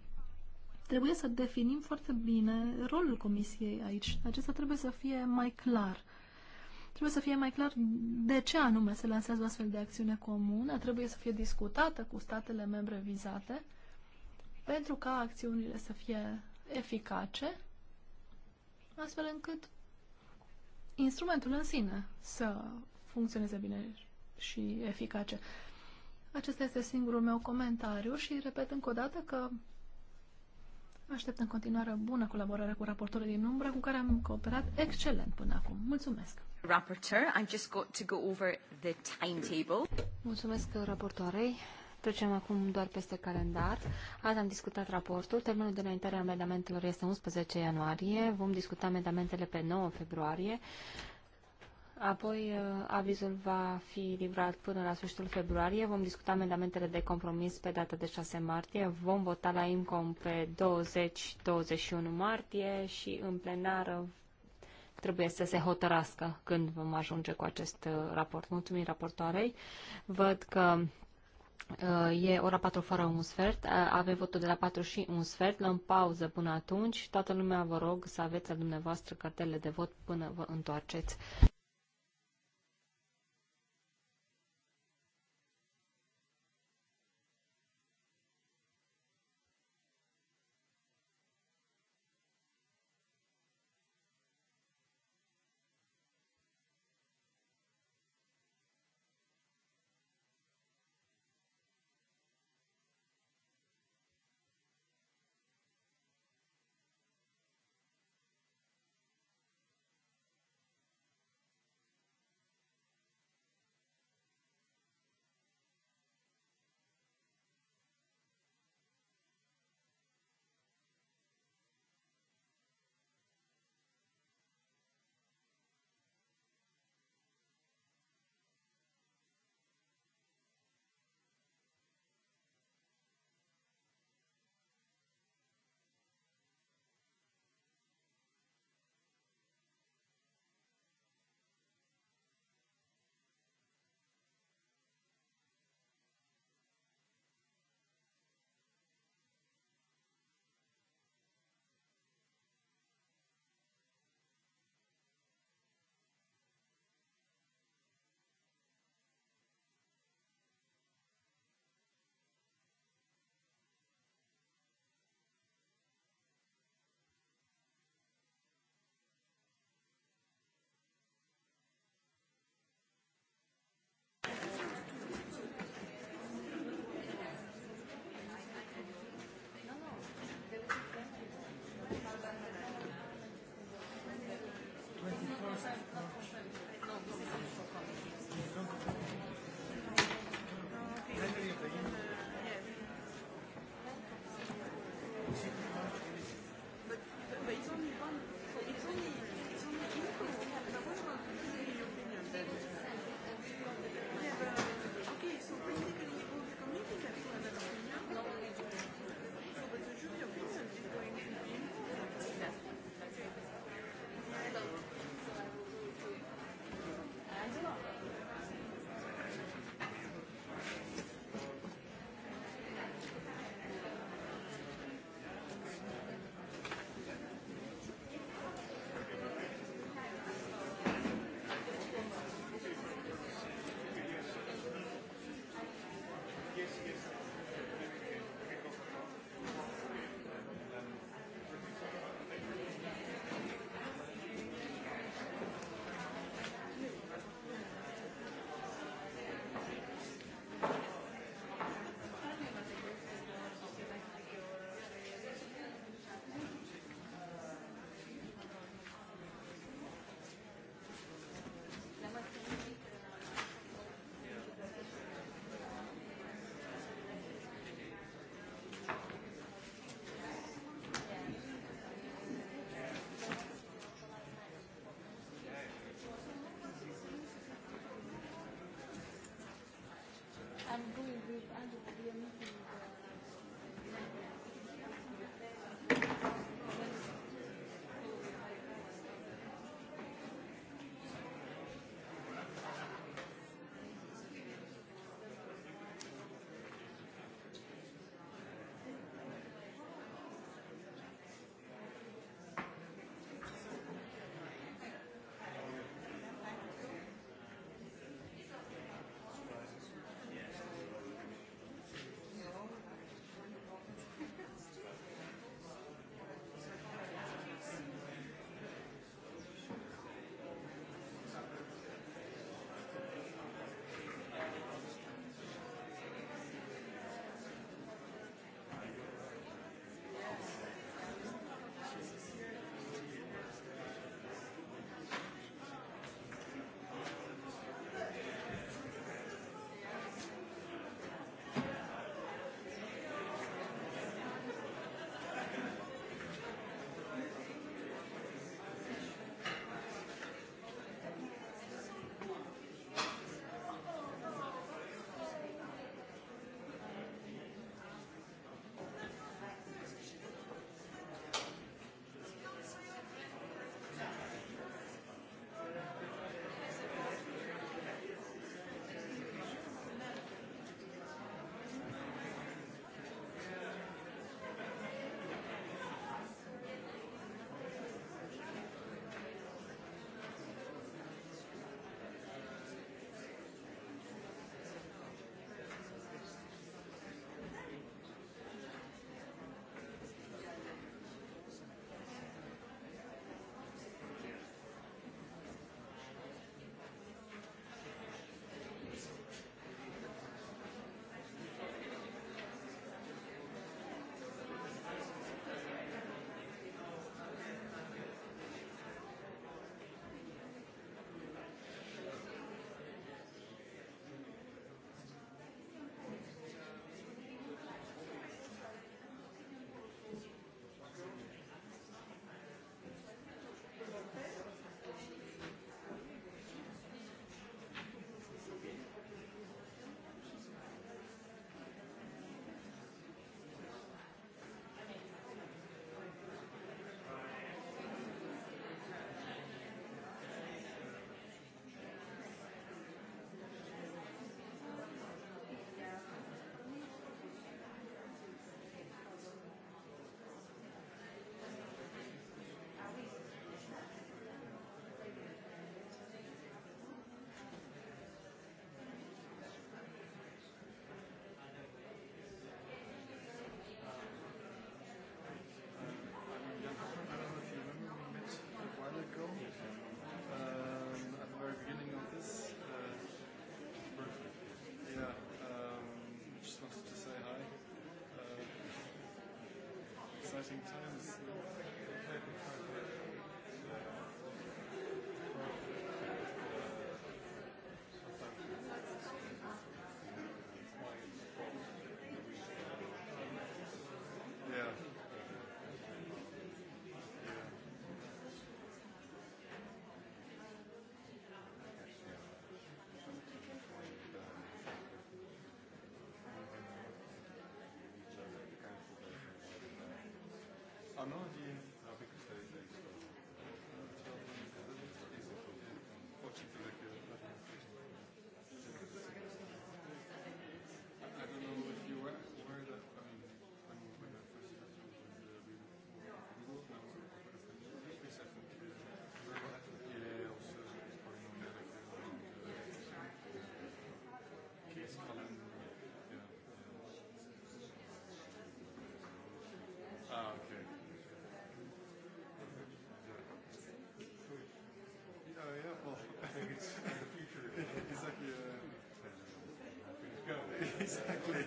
Trebuie să definim foarte bine rolul comisiei aici. Acesta trebuie să fie mai clar. Trebuie să fie mai clar de ce anume se lansează o astfel de acțiune comună, trebuie să fie discutată cu statele membre vizate pentru ca acțiunile să fie eficace, astfel încât instrumentul în sine să funcționeze bine și eficace. Acesta este singurul meu comentariu și repet încă o dată că Aștept în continuare bună colaborare cu raportorul din umbră, cu care am cooperat excelent până acum. Mulțumesc! Rapporteur, I'm just got to go over the timetable. Mulțumesc raportoarei. Trecem acum doar peste calendar. Azi am discutat raportul. Termenul de înaintare a amendamentelor este 11 ianuarie. Vom discuta amendamentele pe 9 februarie. Apoi, uh, avizul va fi livrat până la sfârșitul februarie. Vom discuta amendamentele de compromis pe data de 6 martie. Vom vota la IMCOM pe 20-21 martie și în plenară trebuie să se hotărască când vom ajunge cu acest uh, raport. Mulțumim raportoarei. Văd că uh, E ora 4 fără un sfert, avem votul de la 4 și un sfert, luăm pauză până atunci. Toată lumea vă rog să aveți la dumneavoastră cartele de vot până vă întoarceți. I'm doing exciting time. Oh, ah, no. Exactly.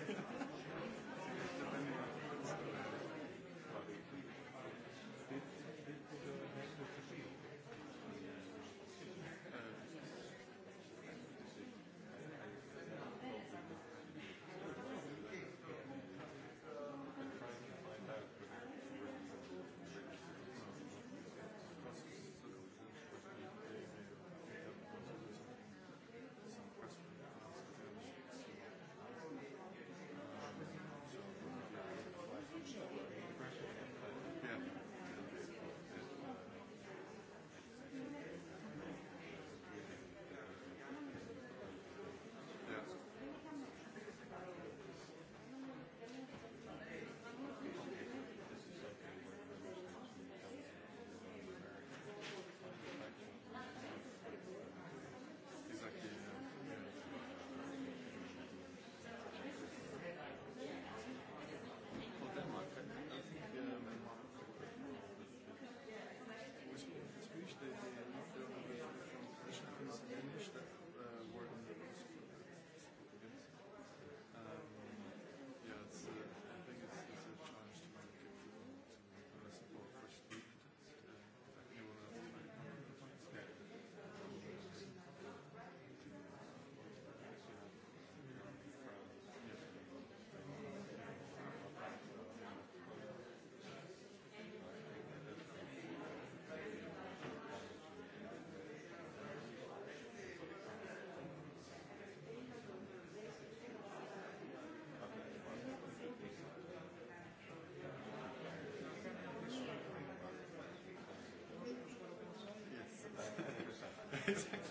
exact.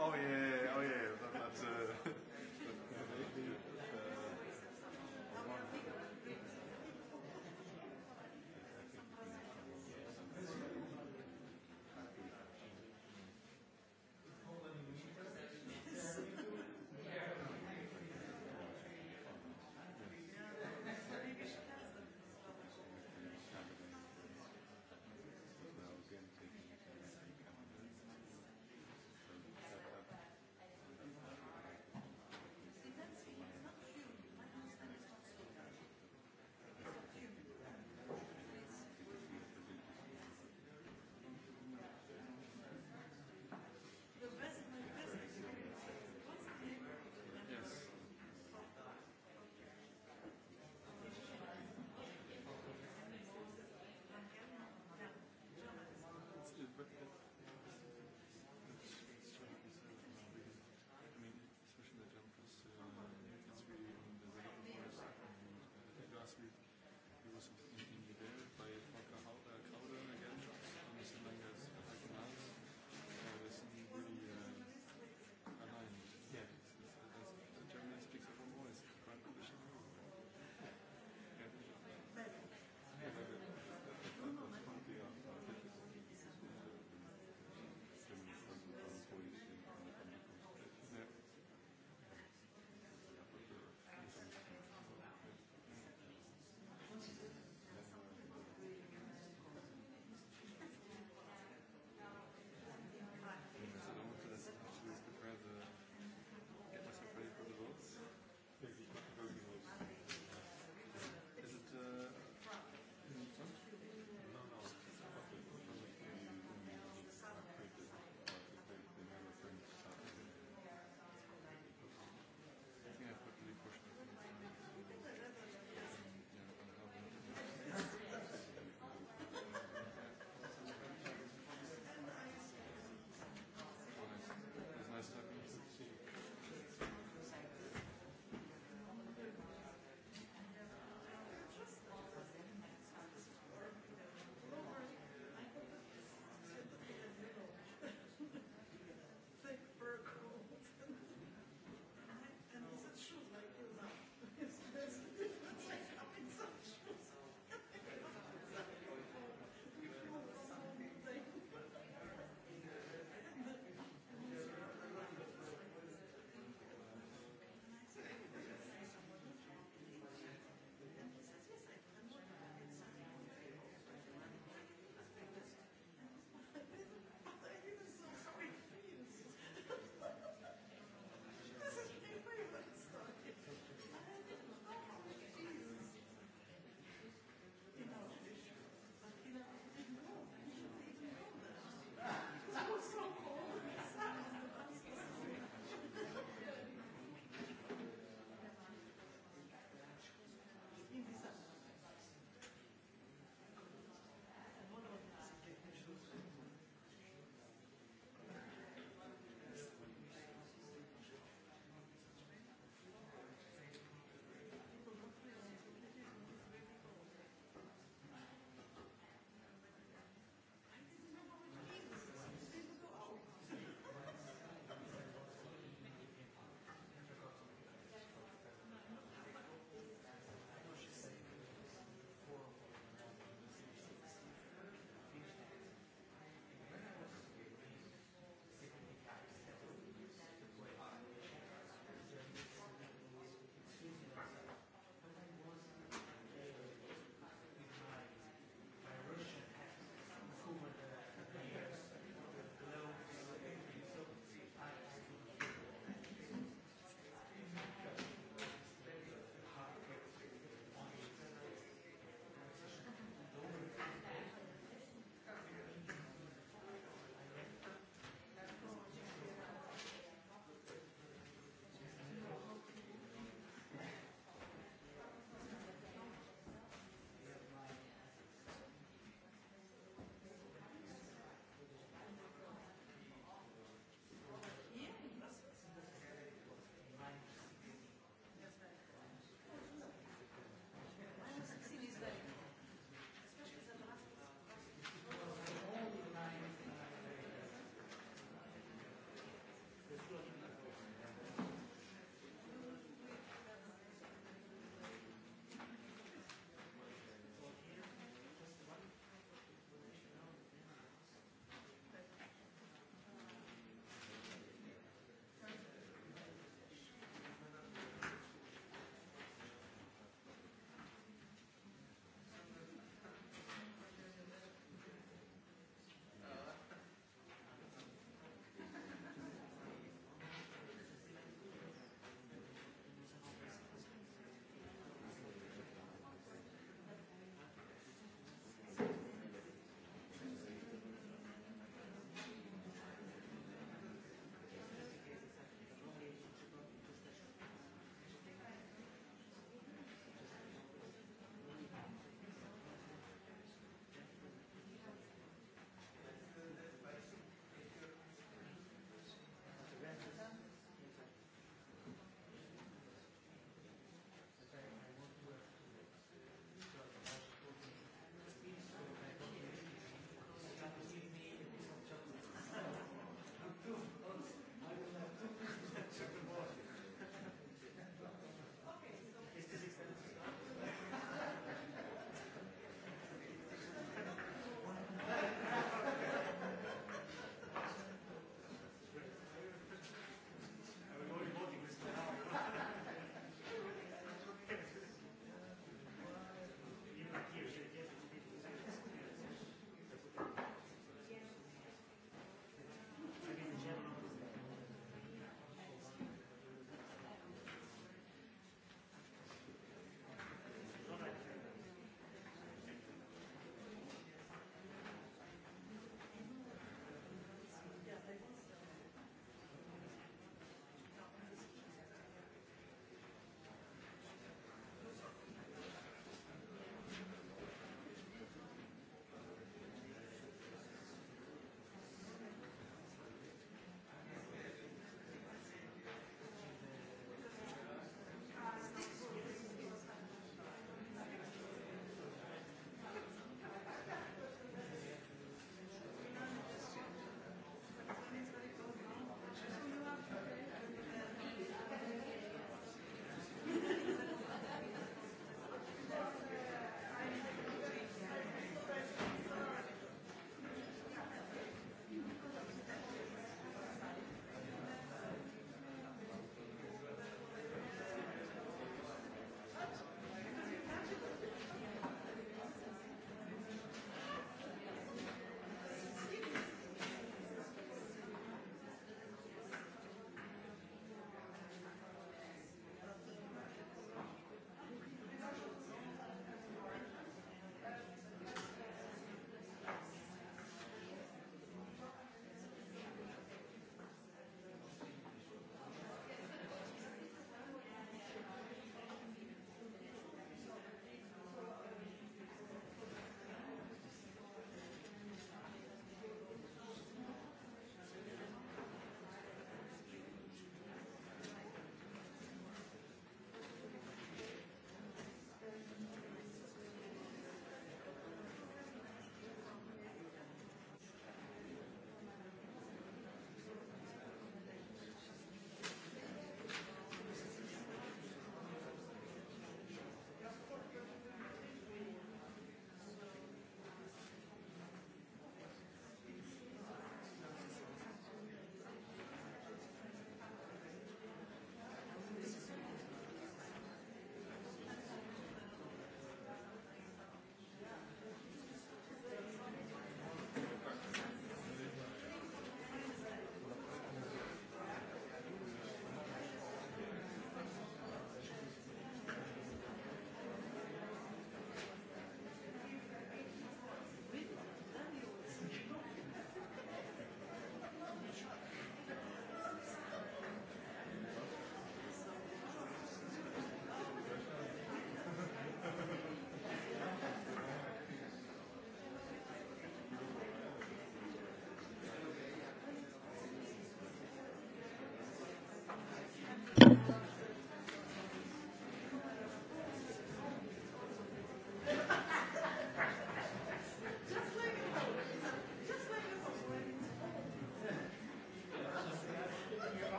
oh yeah.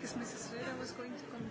because Mrs. Reda was going to come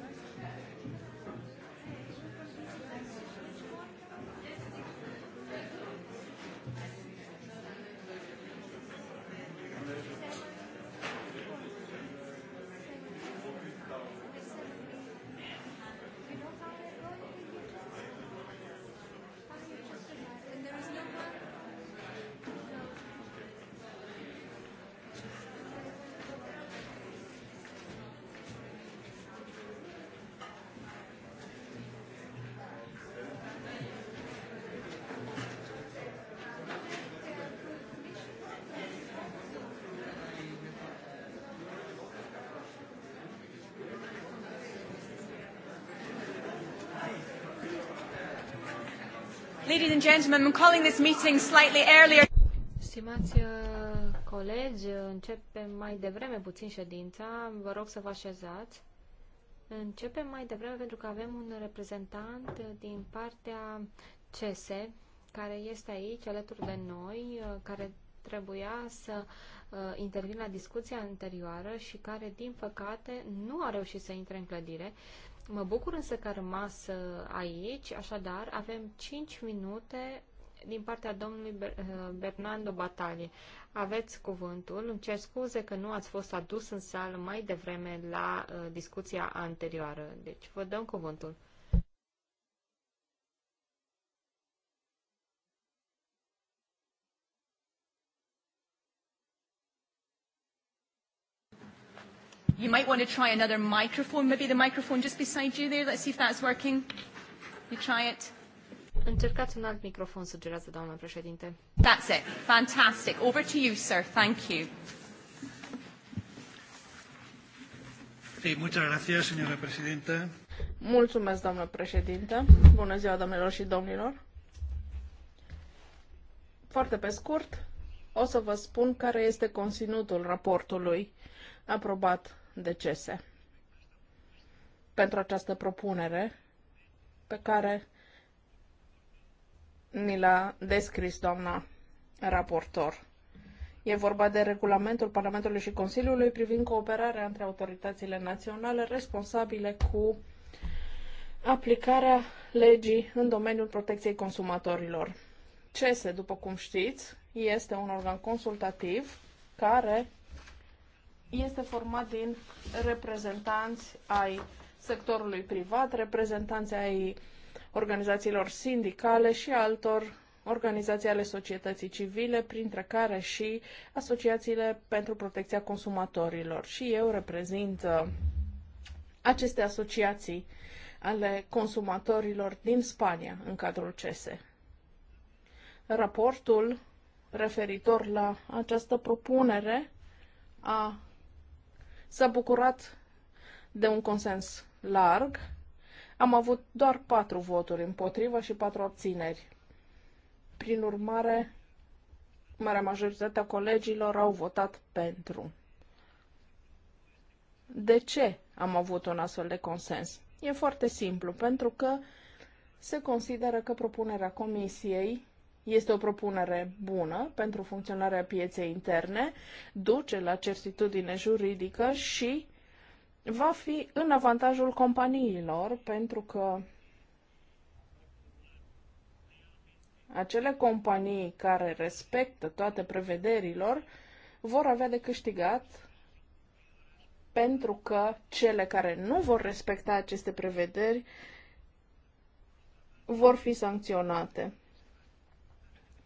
Ladies and gentlemen, I'm calling this meeting slightly earlier. Stimați uh, colegi, începem mai devreme puțin ședința. Vă rog să vă așezați. Începem mai devreme pentru că avem un reprezentant din partea CESE, care este aici alături de noi, uh, care trebuia să uh, intervin la discuția anterioară și care, din păcate, nu a reușit să intre în clădire. Mă bucur însă că a rămas uh, aici, așadar avem 5 minute din partea domnului uh, Bernardo Batali. Aveți cuvântul. Îmi cer scuze că nu ați fost adus în sală mai devreme la uh, discuția anterioară. Deci vă dăm cuvântul. You might want to try another microphone, maybe the microphone just beside you there. Let's see if that's working. You try it. Încercați un alt microfon, sugerează doamna președinte. That's it. Fantastic. Over to you, sir. Thank you. Sí, muchas gracias, señora presidenta. Mulțumesc, doamnă președinte. Bună ziua, domnilor și domnilor. Foarte pe scurt, o să vă spun care este conținutul raportului aprobat decese pentru această propunere pe care ni l-a descris doamna raportor. E vorba de regulamentul Parlamentului și Consiliului privind cooperarea între autoritățile naționale responsabile cu aplicarea legii în domeniul protecției consumatorilor. CESE, după cum știți, este un organ consultativ care este format din reprezentanți ai sectorului privat, reprezentanți ai organizațiilor sindicale și altor organizații ale societății civile, printre care și asociațiile pentru protecția consumatorilor. Și eu reprezint uh, aceste asociații ale consumatorilor din Spania în cadrul CESE. Raportul referitor la această propunere a s-a bucurat de un consens larg. Am avut doar patru voturi împotrivă și patru abțineri. Prin urmare, marea majoritatea colegilor au votat pentru. De ce am avut un astfel de consens? E foarte simplu, pentru că se consideră că propunerea Comisiei este o propunere bună pentru funcționarea pieței interne, duce la certitudine juridică și va fi în avantajul companiilor pentru că acele companii care respectă toate prevederilor vor avea de câștigat pentru că cele care nu vor respecta aceste prevederi vor fi sancționate.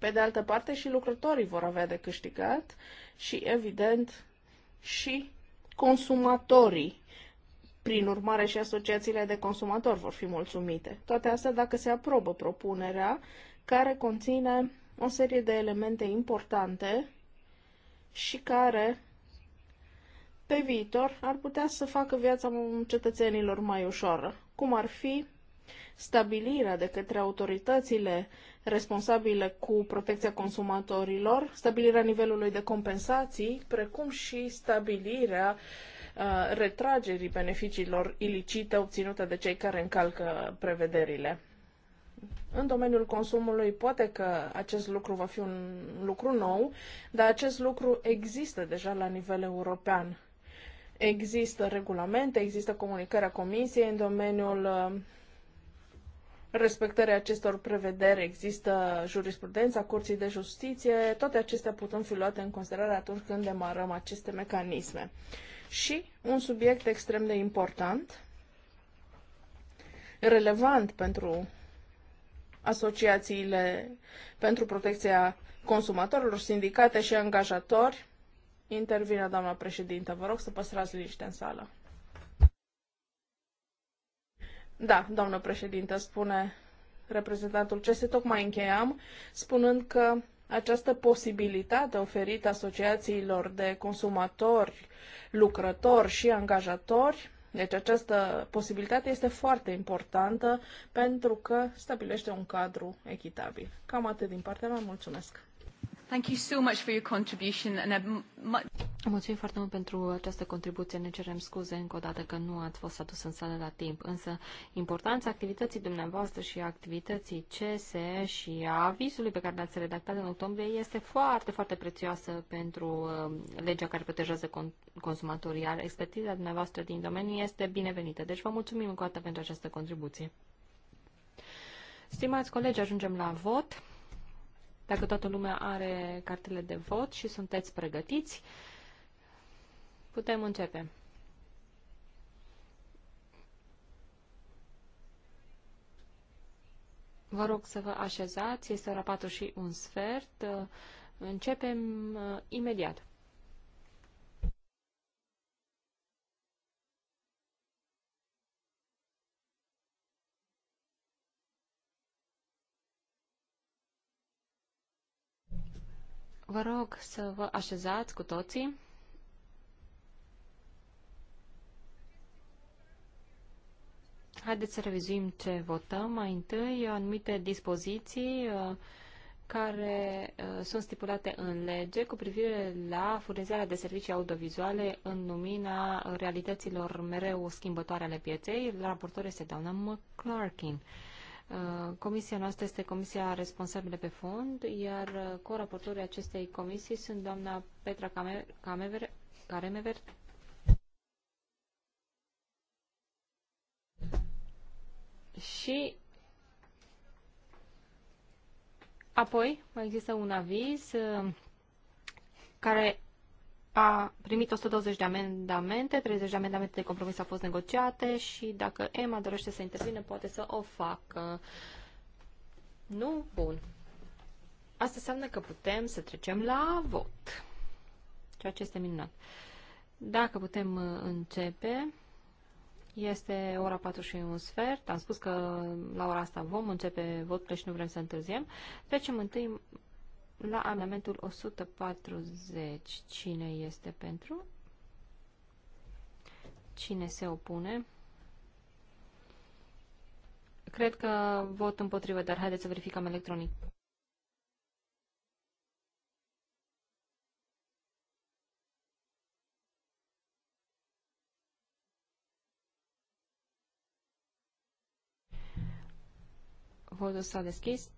Pe de altă parte, și lucrătorii vor avea de câștigat și, evident, și consumatorii. Prin urmare, și asociațiile de consumatori vor fi mulțumite. Toate astea dacă se aprobă propunerea care conține o serie de elemente importante și care pe viitor ar putea să facă viața cetățenilor mai ușoară, cum ar fi stabilirea de către autoritățile responsabile cu protecția consumatorilor, stabilirea nivelului de compensații, precum și stabilirea uh, retragerii beneficiilor ilicite obținute de cei care încalcă prevederile. În domeniul consumului, poate că acest lucru va fi un lucru nou, dar acest lucru există deja la nivel european. Există regulamente, există comunicarea Comisiei în domeniul uh, respectării acestor prevederi există jurisprudența Curții de Justiție, toate acestea putem fi luate în considerare atunci când demarăm aceste mecanisme. Și un subiect extrem de important, relevant pentru asociațiile pentru protecția consumatorilor, sindicate și angajatori, intervine doamna președintă. Vă rog să păstrați liniște în sală. Da, doamnă președintă, spune reprezentantul CS, tocmai încheiam, spunând că această posibilitate oferită asociațiilor de consumatori, lucrători și angajatori deci această posibilitate este foarte importantă pentru că stabilește un cadru echitabil. Cam atât din partea mea, mulțumesc. Mulțumim foarte mult pentru această contribuție. Ne cerem scuze încă o dată că nu ați fost adus în sală la timp, însă importanța activității dumneavoastră și activității CSE și a avizului pe care l-ați redactat în octombrie este foarte, foarte prețioasă pentru um, legea care protejează consumatorii, iar expertiza dumneavoastră din domeniu este binevenită. Deci vă mulțumim încă o dată pentru această contribuție. Stimați colegi, ajungem la vot. Dacă toată lumea are cartele de vot și sunteți pregătiți, putem începe. Vă rog să vă așezați, este ora 4 și un sfert. Începem uh, imediat. Vă rog să vă așezați cu toții. Haideți să revizuim ce votăm. Mai întâi, anumite dispoziții uh, care uh, sunt stipulate în lege cu privire la furnizarea de servicii audiovizuale în lumina realităților mereu schimbătoare ale pieței. La Raportor este doamna McClarkin. Uh, comisia noastră este comisia responsabilă pe fond, iar uh, coraportorii acestei comisii sunt doamna Petra Camever, Caremever, și apoi mai există un aviz uh, care a primit 120 de amendamente, 30 de amendamente de compromis au fost negociate și dacă Emma dorește să intervine, poate să o facă. Nu? Bun. Asta înseamnă că putem să trecem la vot. Ceea ce este minunat. Dacă putem uh, începe, este ora 41 și un sfert. Am spus că la ora asta vom începe votul și nu vrem să întârziem. Trecem întâi la amendamentul 140, cine este pentru? Cine se opune? Cred că vot împotrivă, dar haideți să verificăm electronic. Votul s-a deschis.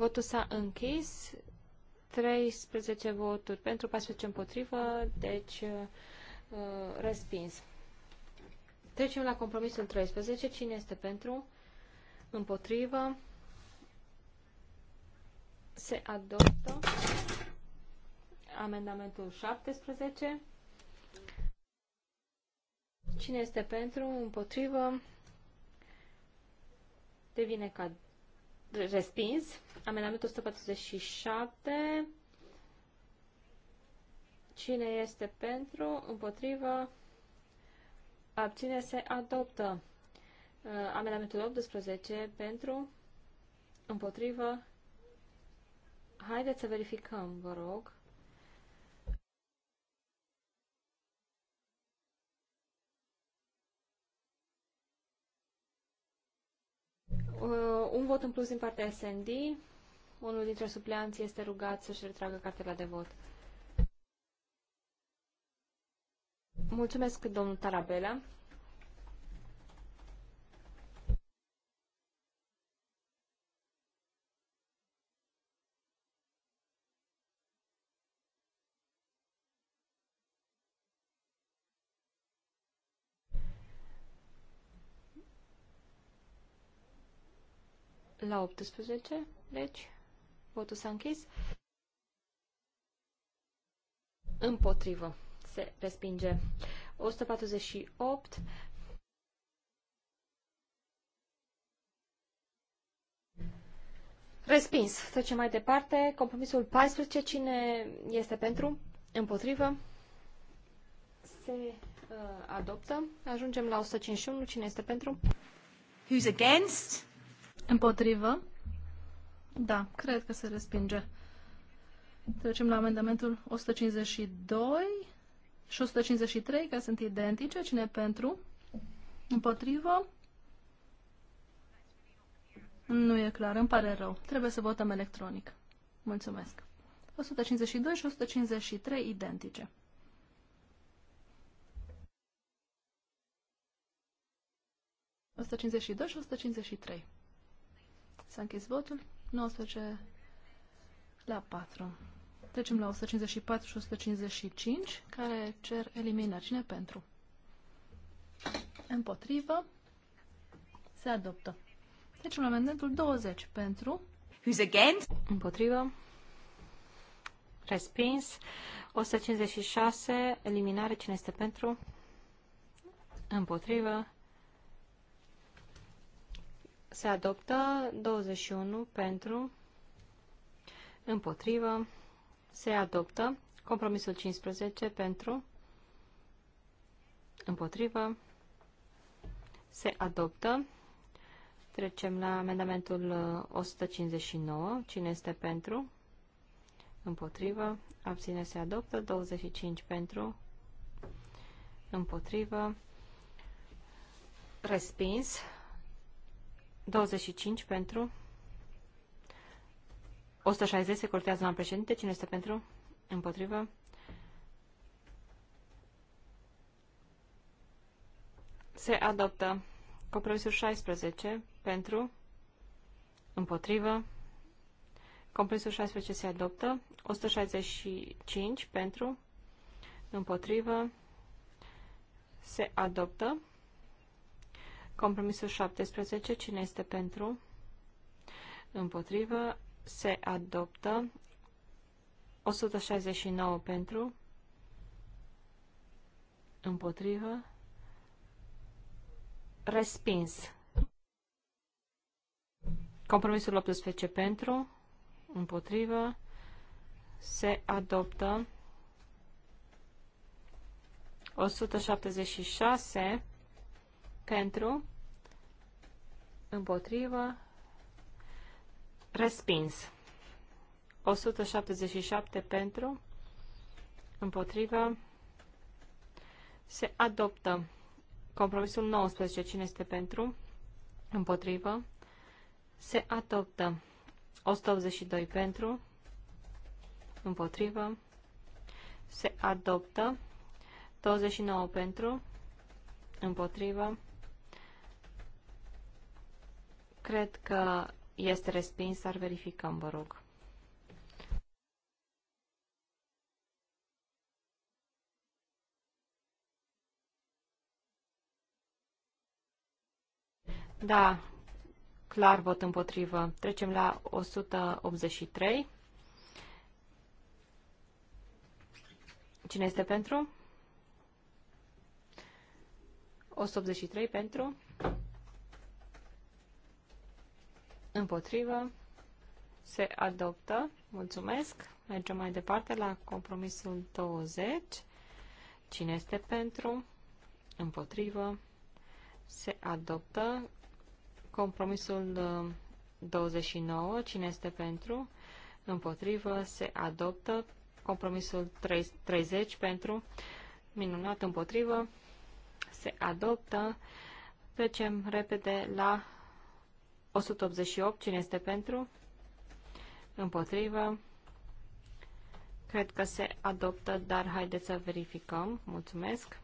Votul s-a închis. 13 voturi pentru, 14 împotrivă, deci uh, uh, respins. Trecem la compromisul 13. Cine este pentru? Împotrivă. Se adoptă amendamentul 17. Cine este pentru? Împotrivă. Devine cad respins. Amendamentul 147. Cine este pentru? Împotrivă? Abține se adoptă. Uh, amendamentul 18 pentru? Împotrivă? Haideți să verificăm, vă rog. Uh, un vot în plus din partea SND. Unul dintre supleanți este rugat să-și retragă cartela de vot. Mulțumesc, domnul Tarabela. la 18, deci votul s-a închis. Împotrivă. Se respinge. 148. Respins. Trecem mai departe. Compromisul 14. Cine este pentru? Împotrivă. Se uh, adoptă. Ajungem la 151. Cine este pentru? Who's against? Împotrivă? Da, cred că se respinge. Trecem la amendamentul 152 și 153, care sunt identice. Cine pentru? Împotrivă? Nu e clar, îmi pare rău. Trebuie să votăm electronic. Mulțumesc. 152 și 153 identice. Osta 152 și 153. S-a închis votul. 19 la 4. Trecem la 154 și 155, care cer eliminări. Cine pentru? Împotrivă. Se adoptă. Trecem la amendamentul 20. Pentru. Who's against? Împotrivă. Respins. 156. Eliminare. Cine este pentru? Împotrivă se adoptă 21 pentru, împotrivă, se adoptă compromisul 15 pentru, împotrivă, se adoptă. Trecem la amendamentul 159. Uh, Cine este pentru? Împotrivă. Abține se adoptă. 25 pentru. Împotrivă. Respins. 25 pentru. 160 se cortează, la președinte. Cine este pentru? Împotrivă. Se adoptă compromisul 16 pentru. Împotrivă. Compromisul 16 se adoptă. 165 pentru. Împotrivă. Se adoptă. Compromisul 17. Cine este pentru? Împotrivă. Se adoptă. 169 pentru. Împotrivă. Respins. Compromisul 18 pentru. Împotrivă. Se adoptă. 176 pentru, împotrivă, respins. 177 pentru, împotrivă, se adoptă. Compromisul 19, cine este pentru, împotrivă, se adoptă. 182 pentru, împotrivă, se adoptă. 29 pentru, împotrivă, Cred că este respins, dar verificăm, vă rog. Da, clar vot împotrivă. Trecem la 183. Cine este pentru? 183 pentru. Împotrivă. Se adoptă. Mulțumesc. Mergem mai departe la compromisul 20. Cine este pentru? Împotrivă. Se adoptă. Compromisul 29. Uh, Cine este pentru? Împotrivă. Se adoptă. Compromisul 30 pentru. Minunat. Împotrivă. Se adoptă. Trecem repede la 188. Cine este pentru? Împotrivă. Cred că se adoptă, dar haideți să verificăm. Mulțumesc.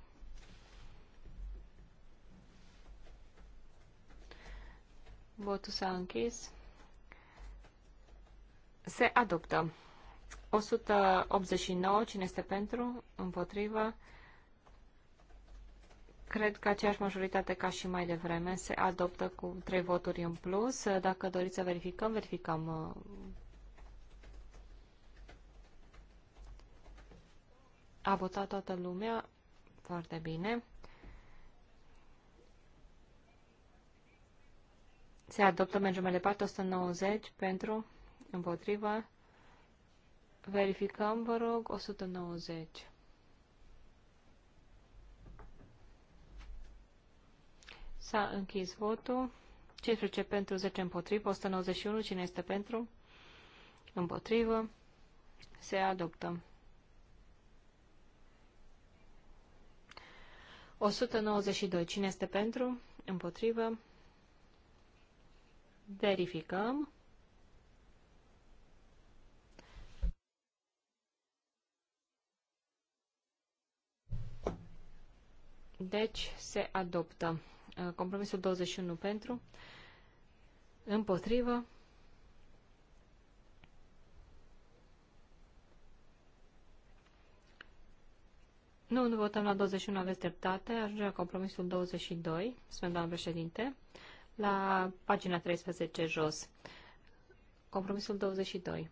Votul s-a închis. Se adoptă. 189. Cine este pentru? Împotrivă. Cred că aceeași majoritate ca și mai devreme se adoptă cu trei voturi în plus. Dacă doriți să verificăm, verificăm. Uh. A votat toată lumea. Foarte bine. Se adoptă, mergem mai departe, 190 pentru, împotrivă. Verificăm, vă rog, 190. S-a închis votul. 15 pentru, 10 împotrivă, 191. Cine este pentru? Împotrivă. Se adoptă. 192. Cine este pentru? Împotrivă. Verificăm. Deci se adoptă. Eh, compromisul 21 pentru, împotrivă, Nu, nu votăm la 21, aveți dreptate. Ajungem la compromisul 22, spune doamna președinte, la pagina 13 jos. Compromisul 22.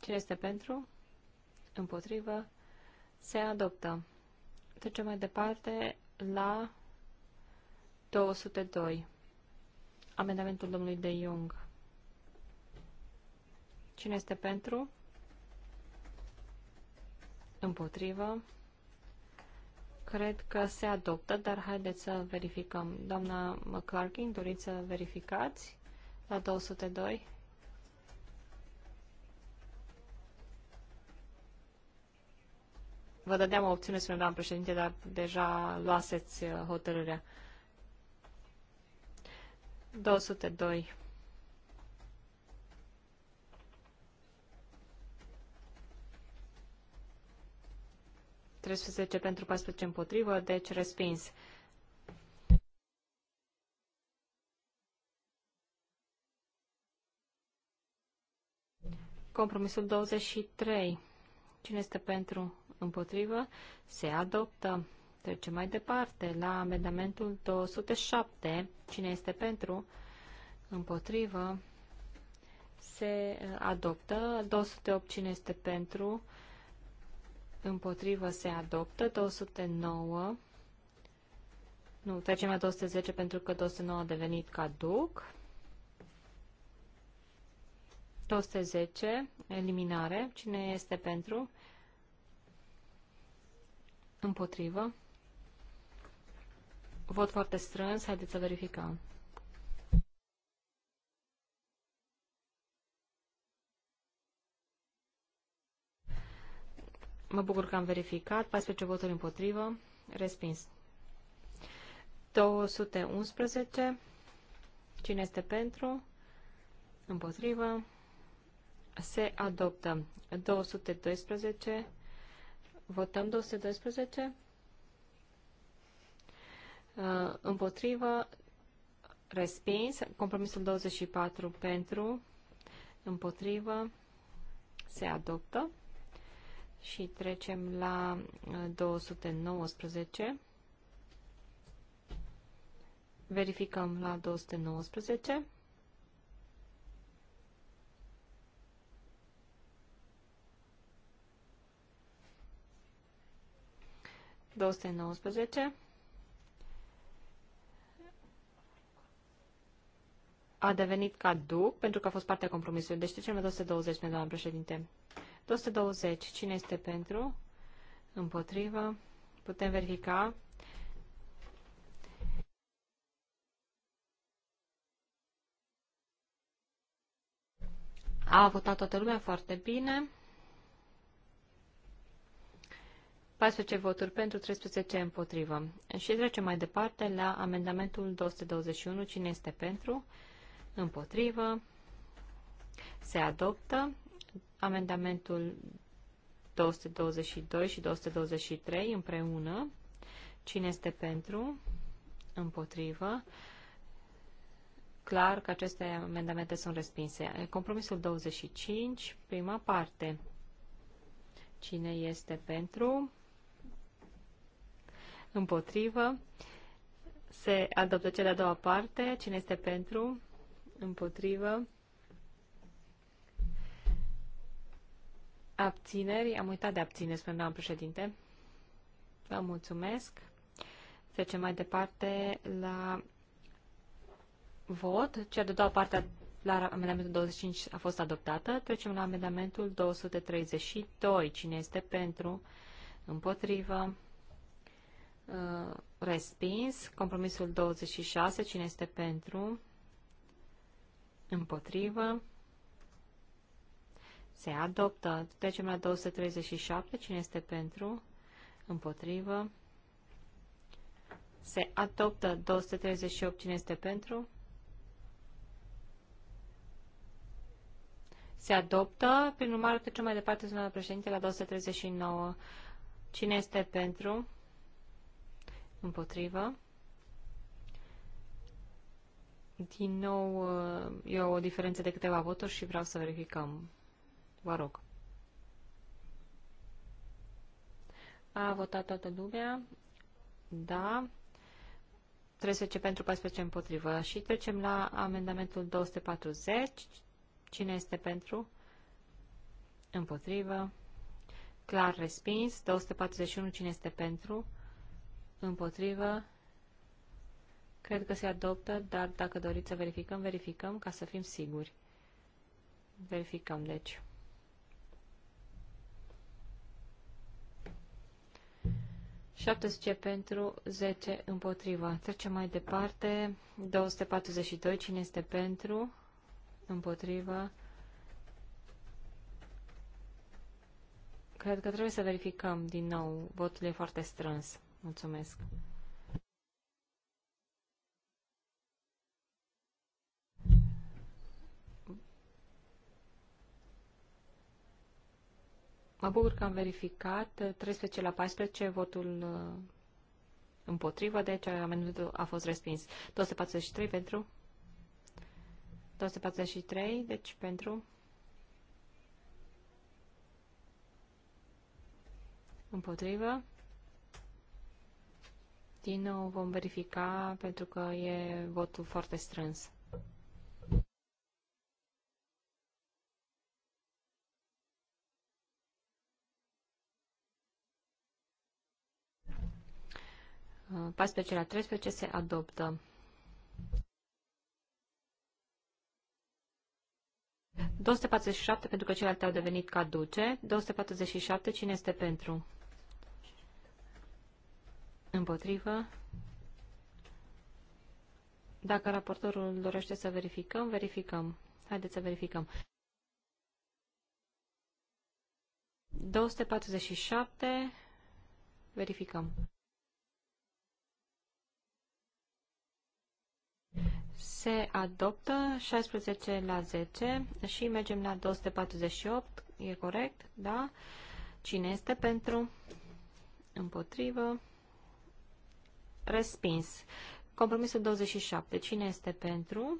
Cine este pentru? Împotrivă? Se adoptă. Trecem mai departe la 202. Amendamentul domnului de Jung. Cine este pentru? Împotrivă. Cred că se adoptă, dar haideți să verificăm. Doamna McClarkin, doriți să verificați la 202? Vă dădeam o opțiune, spune doamnă președinte, dar deja luaseți uh, hotărârea. 202. Trebuie să Treisprezece pentru 14 împotrivă, deci respins. Compromisul 23. Cine este pentru? Împotrivă? Se adoptă. Trecem mai departe la amendamentul 207. Cine este pentru? Împotrivă? Se adoptă. 208. Cine este pentru? Împotrivă? Se adoptă. 209. Nu, trecem la 210 pentru că 209 a devenit caduc. 210, eliminare. Cine este pentru? Împotrivă. Vot foarte strâns. Haideți să verificăm. Mă bucur că am verificat. 14 voturi împotrivă. Respins. 211. Cine este pentru? Împotrivă se adoptă. 212. Votăm 212. Uh, împotrivă. Respins. Compromisul 24 pentru. Împotrivă. Se adoptă. Și trecem la 219. Uh, Verificăm la 219. 219. A devenit caduc pentru că a fost parte a compromisului. Deci trecem la 220, doamnă președinte. 220. Cine este pentru? Împotrivă. Putem verifica. A votat toată lumea foarte bine. 14 voturi pentru, 13 împotrivă. Și trecem mai departe la amendamentul 221. Cine este pentru? Împotrivă. Se adoptă. Amendamentul 222 și 223 împreună. Cine este pentru? Împotrivă. Clar că aceste amendamente sunt respinse. Compromisul 25, prima parte. Cine este pentru? împotrivă, se adoptă cea de-a doua parte, cine este pentru, împotrivă, abțineri, am uitat de abțineri, spune doamna președinte, vă mulțumesc. Trecem mai departe la vot. Cea de-a doua parte la amendamentul 25 a fost adoptată. Trecem la amendamentul 232. Cine este pentru? Împotrivă? Uh, respins. Compromisul 26, cine este pentru? Împotrivă. Se adoptă. Trecem la 237, cine este pentru? Împotrivă. Se adoptă 238, cine este pentru? Se adoptă, prin urmare trecem mai departe, doamna președinte, la 239. Cine este pentru? Împotrivă. Din nou, uh, e o diferență de câteva voturi și vreau să verificăm. Vă rog. A votat toată lumea. Da. 13 pentru, 14 împotrivă. Și trecem la amendamentul 240. Cine este pentru? Împotrivă. Clar respins. 241. Cine este pentru? Pentru. Împotrivă. Cred că se adoptă, dar dacă doriți să verificăm, verificăm ca să fim siguri. Verificăm, deci. șaptesprezece pentru 10 împotrivă. Trecem mai departe. 242. Cine este pentru? Împotrivă. Cred că trebuie să verificăm din nou. Votul e foarte strâns. Mulțumesc. Mă bucur că am verificat. 13 la 14, votul uh, împotrivă, deci amendamentul a fost respins. 243 pentru? 243, deci pentru? Împotrivă. Din nou vom verifica pentru că e votul foarte strâns. Pas pe la 13 se adoptă. șapte pentru că celelalte au devenit caduce. 247 cine este pentru? Împotrivă. Dacă raportorul dorește să verificăm, verificăm. Haideți să verificăm. 247. Verificăm. Se adoptă 16 la 10 și mergem la 248. E corect? Da? Cine este pentru? Împotrivă. Respins. Compromisul 27. Cine este pentru?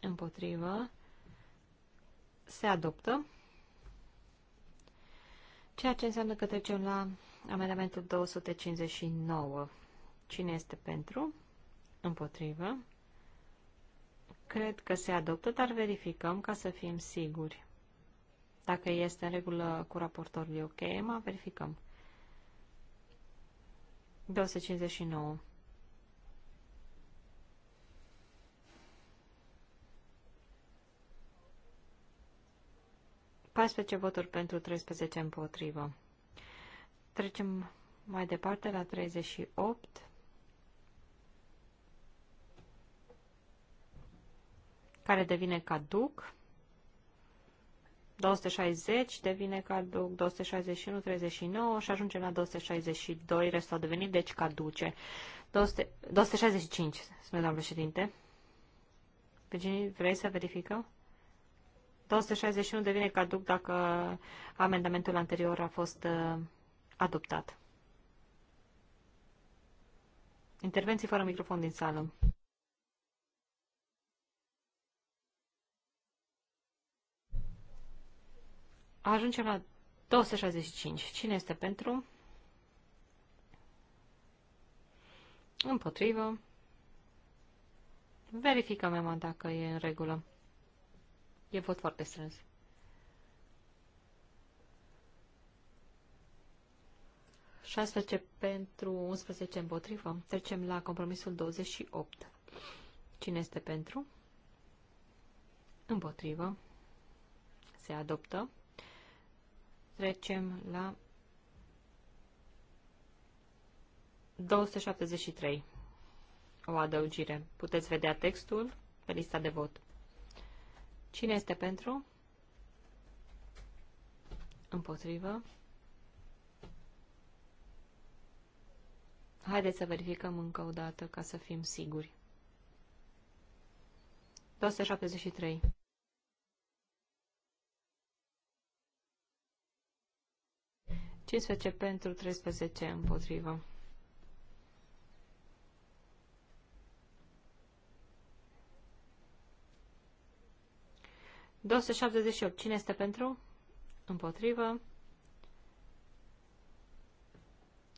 Împotrivă. Se adoptă. Ceea ce înseamnă că trecem la amendamentul 259. Cine este pentru? Împotrivă. Cred că se adoptă, dar verificăm ca să fim siguri. Dacă este în regulă cu raportorul ok, mă verificăm. 259. Paisprezece voturi pentru 13 împotrivă. Trecem mai departe la 38. Care devine caduc. 260 devine caduc, 261, 39 și ajungem la 262, restul a devenit, deci caduce. 200, 265, spune doamna președinte. Virginie, deci, vrei să verificăm? 261 devine caduc dacă amendamentul anterior a fost uh, adoptat. Intervenții fără microfon din sală. Ajungem la 265. Cine este pentru? Împotrivă. Verificăm, Emma, dacă e în regulă. E vot foarte strâns. șaisprezece pentru 11 împotrivă. Trecem la compromisul 28. Cine este pentru? Împotrivă. Se adoptă. Trecem la 273. O adăugire. Puteți vedea textul pe lista de vot. Cine este pentru? Împotrivă. Haideți să verificăm încă o dată ca să fim siguri. 273. 15 pentru, 13 împotrivă. opt. Cine este pentru? Împotrivă.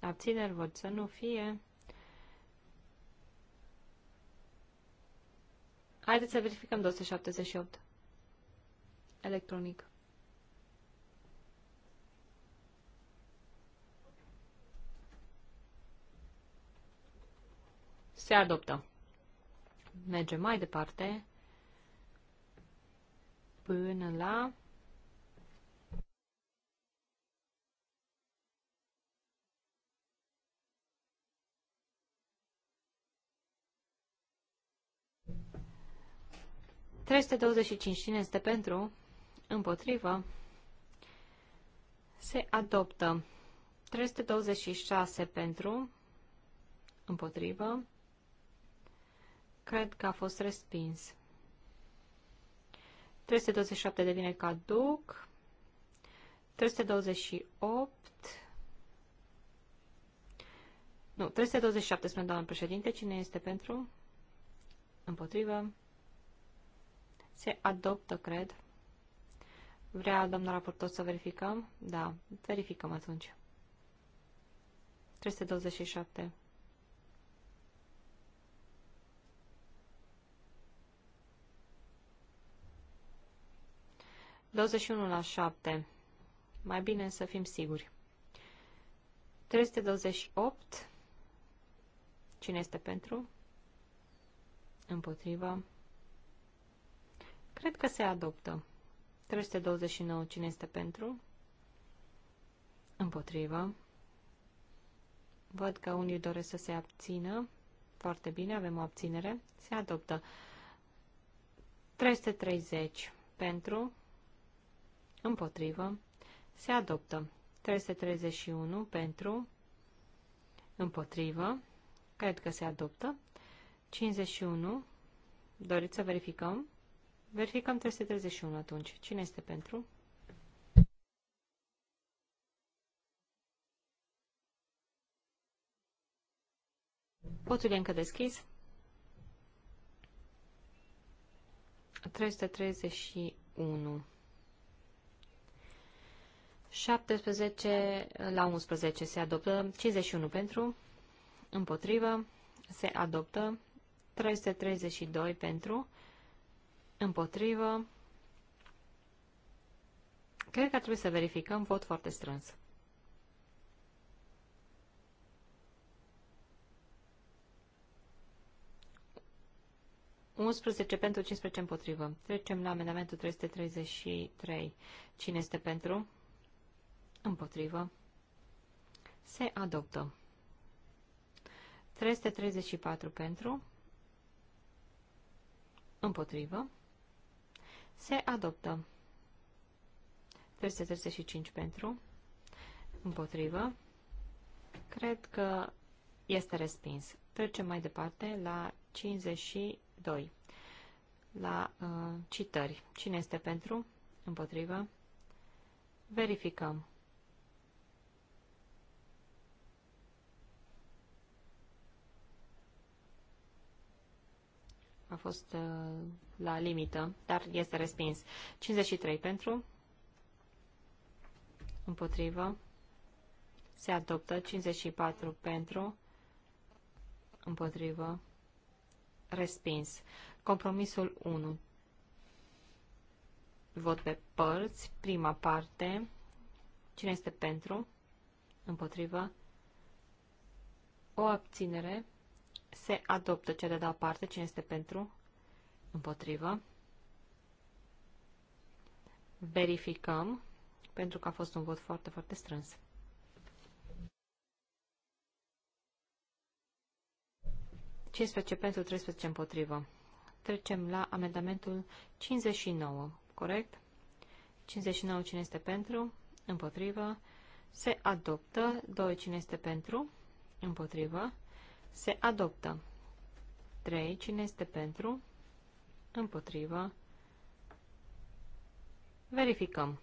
Abțineri, vot să nu fie. Haideți să verificăm 278. Electronic. Se adoptă. Mergem mai departe până la... Treste 25. Cine este pentru? Împotrivă. Se adoptă. 326 pentru. Împotrivă. Cred că a fost respins. 327 devine caduc. 328. Nu, 327 spune doamna președinte. Cine este pentru? Împotrivă. Se adoptă, cred. Vrea domnul raportor să verificăm? Da, verificăm atunci. 327. 21 la 7. Mai bine să fim siguri. 328. Cine este pentru? Împotrivă. Cred că se adoptă. 329. Cine este pentru? Împotrivă. Văd că unii doresc să se abțină. Foarte bine, avem o abținere. Se adoptă. 330 pentru, împotrivă, se adoptă. 331 pentru, împotrivă, cred că se adoptă. 51, doriți să verificăm? Verificăm 331 atunci. Cine este pentru? Votul e încă deschis. 331. 17 la 11 se adoptă, 51 pentru, împotrivă, se adoptă, 332 pentru, împotrivă. Cred că trebuie să verificăm vot foarte strâns. Unsprezece pentru, 15 împotrivă. Trecem la amendamentul 333. Cine este pentru? Împotrivă. Se adoptă. 334 pentru. Împotrivă. Se adoptă. 335 pentru. Împotrivă. Cred că este respins. Trecem mai departe la 52. La uh, citări. Cine este pentru? Împotrivă. Verificăm. a fost uh, la limită, dar este respins. 53 pentru, împotrivă, se adoptă. 54 pentru, împotrivă, respins. Compromisul 1. Vot pe părți, prima parte. Cine este pentru? Împotrivă. O abținere se adoptă cea de la parte. Cine este pentru? Împotrivă. Verificăm, pentru că a fost un vot foarte, foarte strâns. ce pentru, 13 împotrivă. Trecem la amendamentul 59, corect? 59 cine este pentru, împotrivă. Se adoptă, 2 cine este pentru, împotrivă. Se adoptă. 3. Cine este pentru? Împotrivă. Verificăm.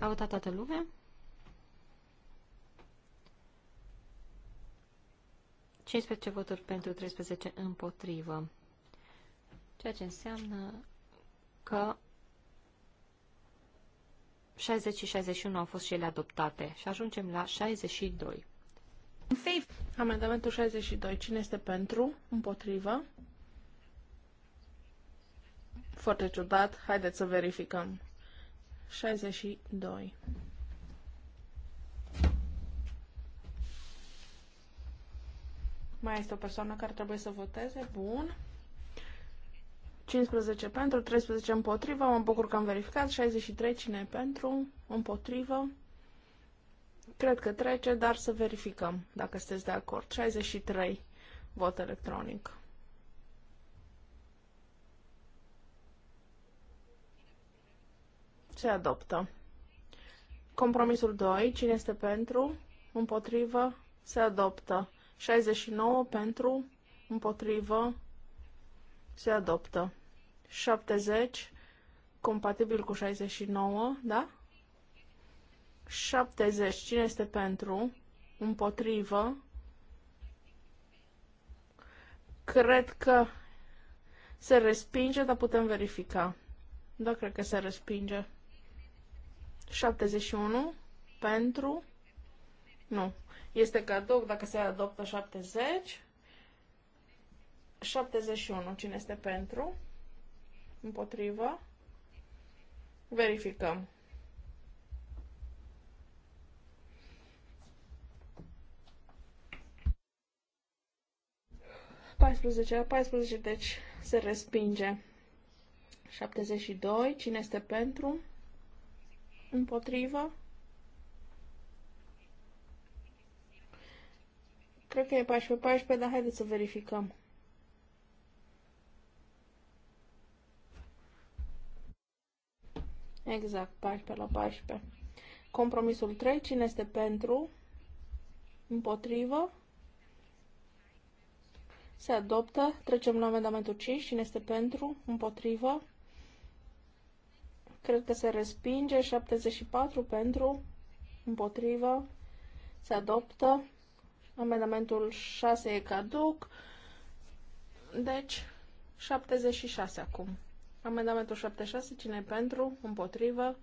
A votat toată lumea? Cinci voturi pentru 13 împotrivă ceea ce înseamnă că 60 și 61 au fost și ele adoptate și ajungem la 62. Amendamentul 62. Cine este pentru? Împotrivă? Foarte ciudat. Haideți să verificăm. 62. Mai este o persoană care trebuie să voteze? Bun. 15 pentru, 13 împotrivă, mă bucur că am verificat, 63 cine pentru, împotrivă. Cred că trece, dar să verificăm dacă sunteți de acord. 63 vot electronic. Se adoptă. Compromisul 2, cine este pentru, împotrivă, se adoptă. 69 pentru, împotrivă, se adoptă. 70 compatibil cu 69, da? 70. Cine este pentru? Împotrivă? Cred că se respinge, dar putem verifica. Da, cred că se respinge. 71 pentru. Nu. Este cadou dacă se adoptă 70. 71. Cine este pentru? Împotrivă. Verificăm. paisprezece la 14, deci se respinge. 72. Cine este pentru? Împotrivă? Cred că e 14-14, dar haideți să verificăm. Exact, 14 la 14. Compromisul 3, cine este pentru? Împotrivă? Se adoptă. Trecem la amendamentul 5. Cine este pentru? Împotrivă? Cred că se respinge. 74 pentru? Împotrivă? Se adoptă. Amendamentul 6 e caduc. Deci, 76 acum. Amendamentul 76, cine e pentru? Împotrivă.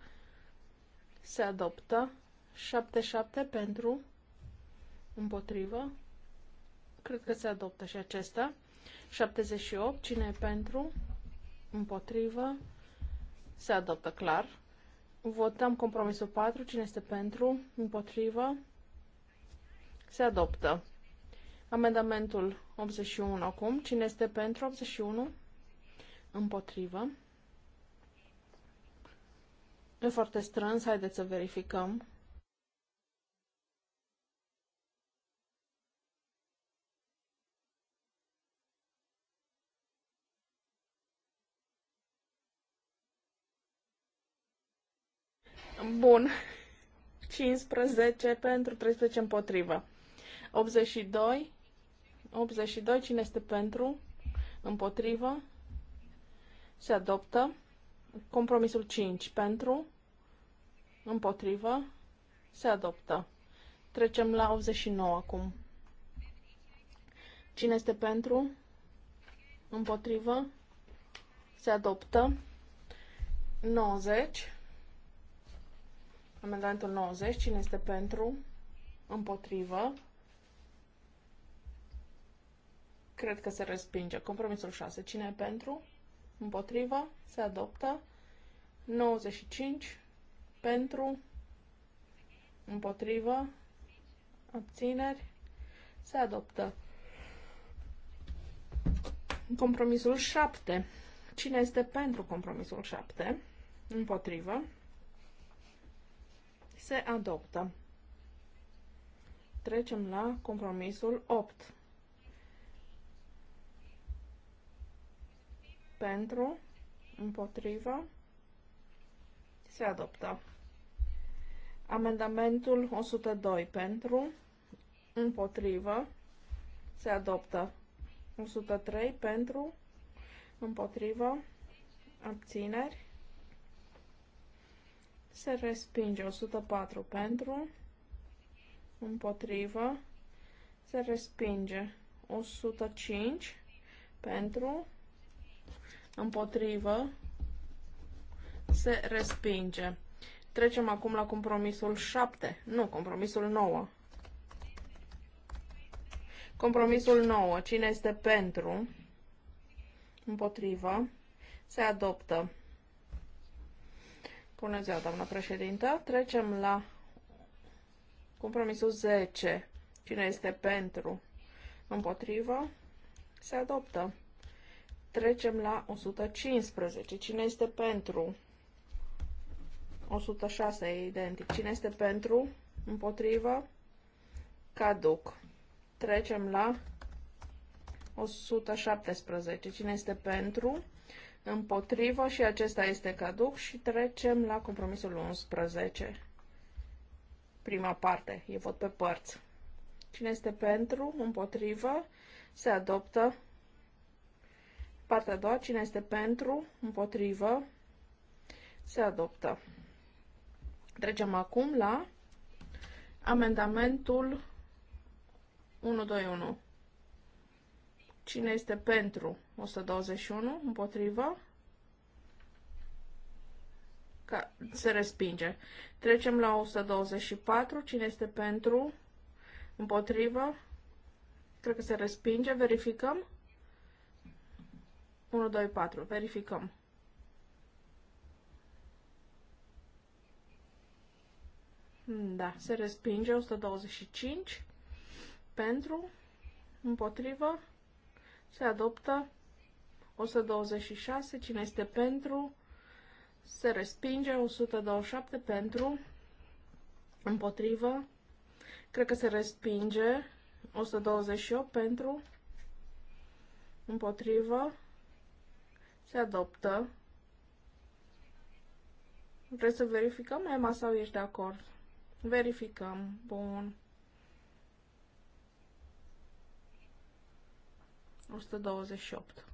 Se adoptă. 77 pentru. Împotrivă. Cred că se adoptă și acesta. 78, cine e pentru? Împotrivă. Se adoptă clar. Votăm compromisul 4, cine este pentru? Împotrivă. Se adoptă. Amendamentul 81 acum. Cine este pentru 81? împotrivă. E foarte strâns, haideți să verificăm. Bun. 15 pentru 13 împotrivă. 82. 82. Cine este pentru? Împotrivă? Se adoptă. Compromisul 5 pentru, împotrivă, se adoptă. Trecem la 89 acum. Cine este pentru? Împotrivă? Se adoptă. 90. Amendamentul 90. Cine este pentru? Împotrivă? Cred că se respinge. Compromisul 6. Cine e pentru? Împotriva. se adoptă. 95 pentru, împotrivă, abțineri, se adoptă. Compromisul 7. Cine este pentru compromisul 7? Împotrivă. Se adoptă. Trecem la compromisul 8. pentru, împotrivă, se adoptă. Amendamentul 102 pentru, împotrivă, se adoptă. 103 pentru, împotrivă, abțineri, se respinge. 104 pentru, împotrivă, se respinge. 105 pentru, împotrivă, se respinge. Trecem acum la compromisul 7, nu, compromisul 9. Compromisul 9, cine este pentru, împotrivă, se adoptă. Bună ziua, doamna președintă. Trecem la compromisul 10. Cine este pentru? Împotrivă? Se adoptă. Trecem la 115. Cine este pentru? 106 e identic. Cine este pentru? Împotrivă? Caduc. Trecem la 117. Cine este pentru? Împotrivă și acesta este caduc și trecem la compromisul 11. Prima parte. E vot pe părți. Cine este pentru? Împotrivă? Se adoptă Partea a doua, cine este pentru, împotrivă, se adoptă. Trecem acum la amendamentul 121. Cine este pentru 121, împotrivă, ca se respinge. Trecem la 124. Cine este pentru? Împotrivă? Cred că se respinge. Verificăm. 1, 2, 4. Verificăm. Da, se respinge 125 pentru, împotrivă, se adoptă 126, cine este pentru, se respinge 127 pentru, împotrivă, cred că se respinge 128 pentru, împotrivă, se adoptă. Vrei să verificăm, Emma, sau ești de acord? Verificăm. Bun. 128.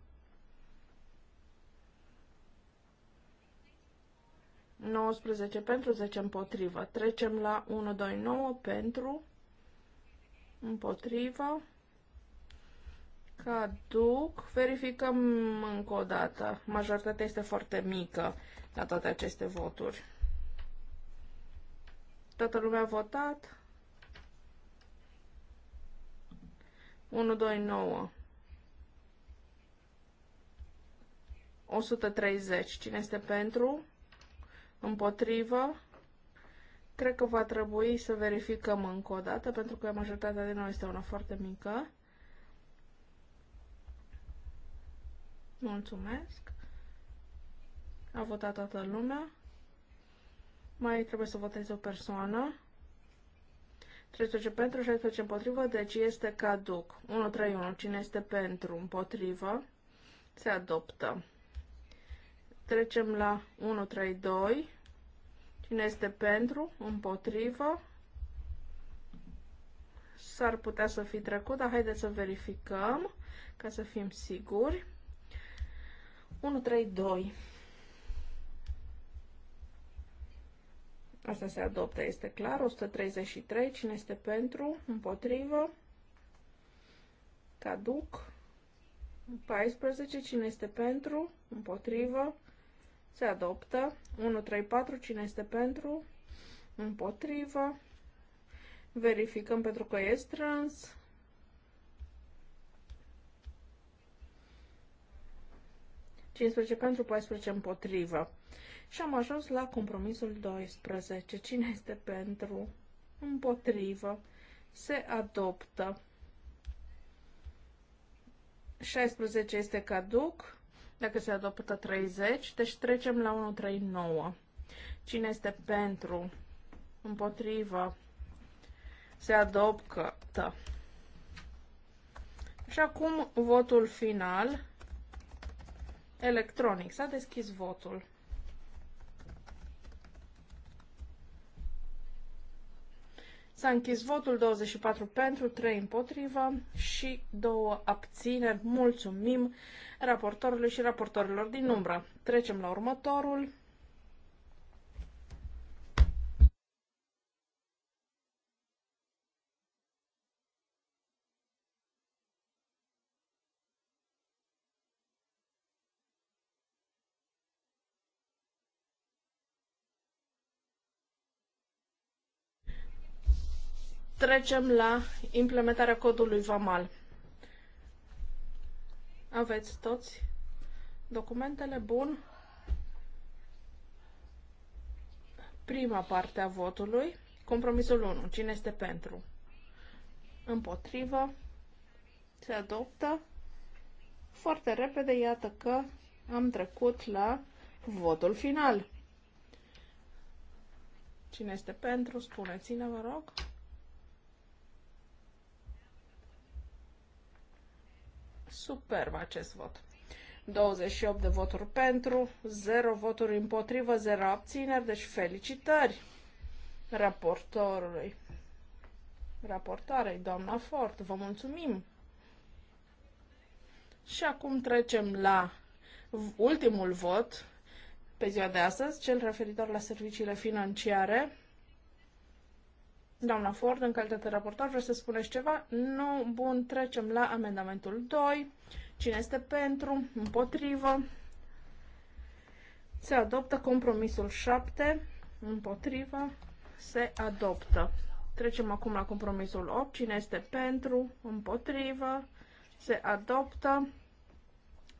Nouăsprezece pentru, 10 împotrivă. Trecem la 129 pentru, împotrivă. Caduc, verificăm încă o dată. Majoritatea este foarte mică la toate aceste voturi. Toată lumea a votat. 1, 2, 9. 130. Cine este pentru? Împotrivă? Cred că va trebui să verificăm încă o dată, pentru că majoritatea din noi este una foarte mică. Mulțumesc. A votat toată lumea. Mai trebuie să voteze o persoană. 13 pentru, 16 împotrivă, deci este caduc. 131. Cine este pentru, împotrivă, se adoptă. Trecem la 132. Cine este pentru, împotrivă, s-ar putea să fi trecut, dar haideți să verificăm ca să fim siguri. 132. Asta se adoptă, este clar. 133. Cine este pentru? Împotrivă. Caduc. 14. Cine este pentru? Împotrivă. Se adoptă. 134. Cine este pentru? Împotrivă. Verificăm pentru că e strâns. 15 pentru, 14 împotrivă. Și am ajuns la compromisul 12. Cine este pentru? Împotrivă. Se adoptă. 16 este caduc, dacă se adoptă 30, deci trecem la 139. Cine este pentru? Împotrivă. Se adoptă. Și acum votul final electronic. S-a deschis votul. S-a închis votul 24 pentru, 3 împotrivă și 2 abțineri. Mulțumim raportorului și raportorilor din umbră. Trecem la următorul. Trecem la implementarea codului VAMAL. Aveți toți documentele? Bun. Prima parte a votului. Compromisul 1. Cine este pentru? Împotrivă. Se adoptă. Foarte repede, iată că am trecut la votul final. Cine este pentru? Spuneți-ne, vă rog. Superb acest vot. 28 de voturi pentru, 0 voturi împotrivă, 0 abțineri, deci felicitări raportorului. Raportoarei, doamna Fort, vă mulțumim! Și acum trecem la ultimul vot pe ziua de astăzi, cel referitor la serviciile financiare. Doamna Ford, în calitate raportor, vreți să spuneți ceva? Nu. Bun, trecem la amendamentul 2. Cine este pentru? Împotrivă. Se adoptă compromisul 7. Împotrivă. Se adoptă. Trecem acum la compromisul 8. Cine este pentru? Împotrivă. Se adoptă.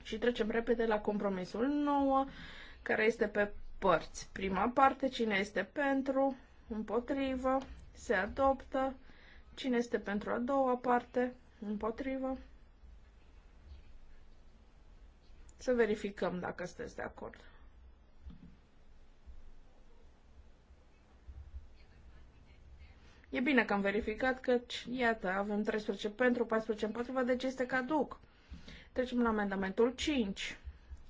Și trecem repede la compromisul 9, care este pe părți. Prima parte, cine este pentru? Împotrivă se adoptă. Cine este pentru a doua parte? Împotrivă. Să verificăm dacă sunteți de acord. E bine că am verificat că, iată, avem 13 pentru, 14 împotrivă, deci este caduc. Trecem la amendamentul 5,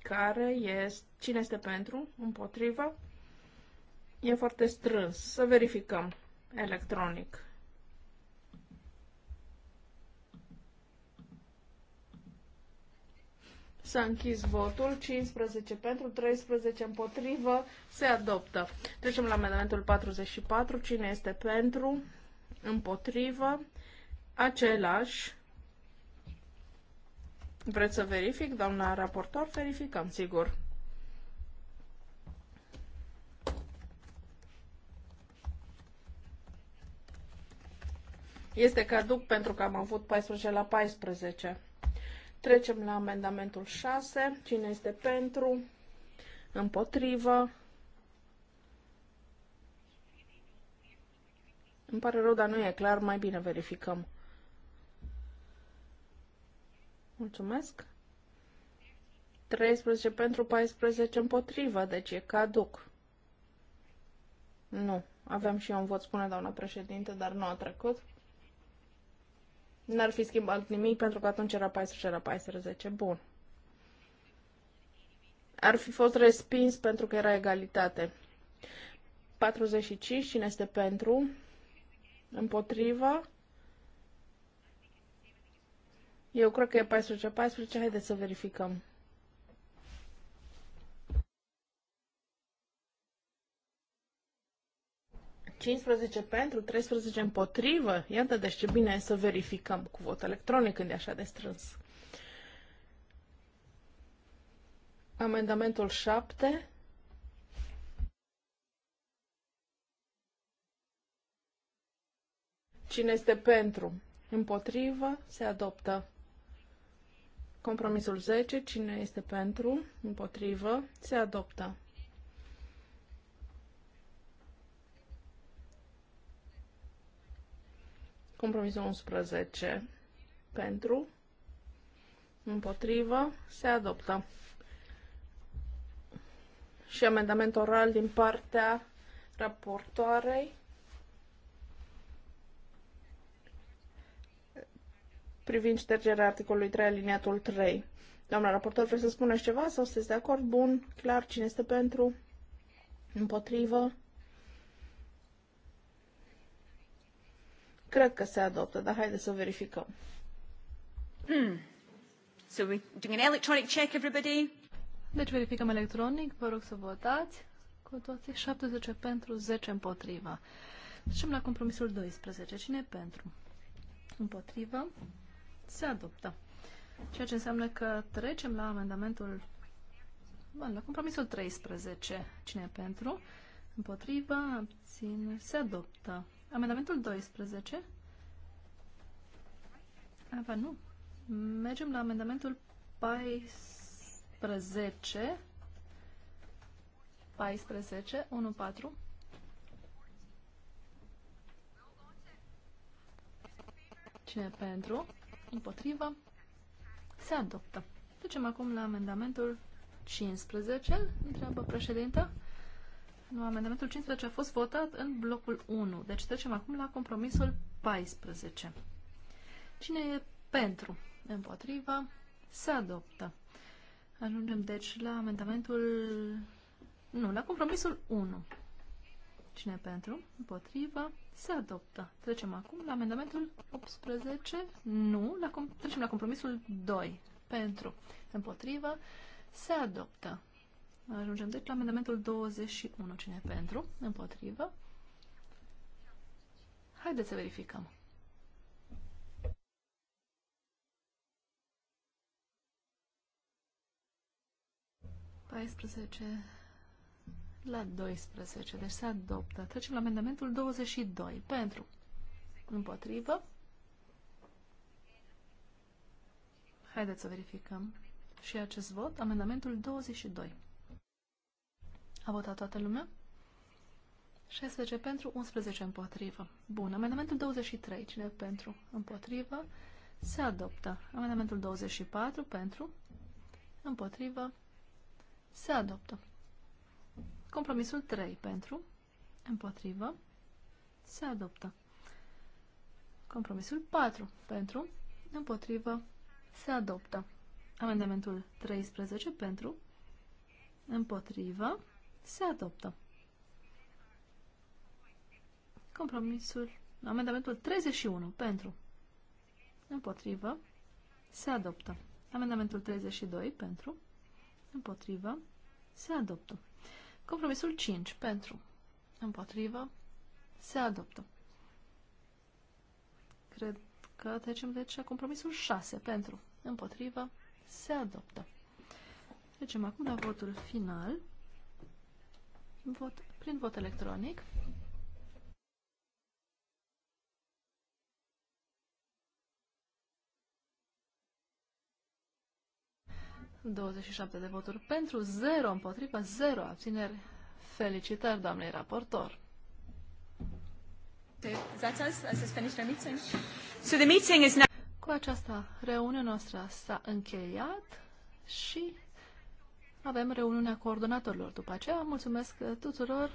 care este, cine este pentru, împotrivă. e foarte strâns. Să verificăm electronic. S-a închis votul, 15 pentru, 13 împotrivă, se adoptă. Trecem la amendamentul 44, cine este pentru, împotrivă, același. Vreți să verific, doamna raportor? Verificăm, sigur. este caduc pentru că am avut 14 la 14. Trecem la amendamentul 6. Cine este pentru? Împotrivă? Îmi pare rău, dar nu e clar. Mai bine verificăm. Mulțumesc. 13 pentru 14 împotrivă, deci e caduc. Nu, avem și eu un vot, spune doamna președinte, dar nu a trecut. N-ar fi schimbat nimic pentru că atunci era 14, era 14. Bun. Ar fi fost respins pentru că era egalitate. 45, cine este pentru? Împotriva? Eu cred că e 14-14, haideți să verificăm. 15 pentru, 13 împotrivă. Iată, deci ce bine e să verificăm cu vot electronic când e așa de strâns. Amendamentul 7. Cine este pentru? Împotrivă? Se adoptă. Compromisul 10. Cine este pentru? Împotrivă? Se adoptă. Compromisul 11 pentru, împotrivă, se adoptă. Și amendament oral din partea raportoarei. privind ștergerea articolului 3, aliniatul 3. Doamna raportor, vreți să spuneți ceva sau sunteți de acord? Bun, clar, cine este pentru? Împotrivă? Cred că se adoptă, dar haide să verificăm. Mm. So we're doing an electronic check, everybody. Deci verificăm electronic, vă rog să votați cu toate 70 pentru, 10 împotriva. Trecem la compromisul 12. Cine e pentru? Împotrivă? Se adoptă. Ceea ce înseamnă că trecem la amendamentul, bun, la compromisul 13. Cine e pentru? Împotrivă? Abține? Se adoptă. Amendamentul 12. Aba, nu. Mergem la amendamentul 14. 14, 1, 4. Cine pentru? Împotrivă? Se adoptă. Ducem acum la amendamentul 15, întreabă președinta. Amendamentul 15 a fost votat în blocul 1. Deci trecem acum la compromisul 14. Cine e pentru? Împotriva? Se adoptă. Ajungem deci la amendamentul... Nu, la compromisul 1. Cine e pentru? Împotriva? Se adoptă. Trecem acum la amendamentul 18. Nu, la com... trecem la compromisul 2. Pentru? Împotriva? Se adoptă. Ajungem deci la amendamentul 21. Cine pentru? Împotrivă. Haideți să verificăm. la 12. Deci se adoptă. Trecem la amendamentul 22. Pentru. Împotrivă. Haideți să verificăm și acest vot. Amendamentul 22. A votat toată lumea? 16 pentru, 11 împotrivă. Bun. Amendamentul 23. Cine pentru? Împotrivă. Se adoptă. Amendamentul 24 pentru, împotrivă. Se adoptă. Compromisul 3 pentru, împotrivă. Se adoptă. Compromisul 4 pentru, împotrivă. Se adoptă. Amendamentul 13 pentru, împotrivă. Se adoptă. Compromisul, amendamentul 31 pentru, împotrivă, se adoptă. Amendamentul 32 pentru, împotrivă, se adoptă. Compromisul 5 pentru, împotrivă, se adoptă. Cred că trecem deci la compromisul 6 pentru, împotrivă, se adoptă. Trecem acum la votul final. Vot, prin vot electronic. ...27 de voturi pentru, 0 împotriva, 0 abțineri. Felicitări, doamnei raportor! Cu aceasta, reuniunea noastră s-a încheiat și avem reuniunea coordonatorilor după aceea. Mulțumesc tuturor!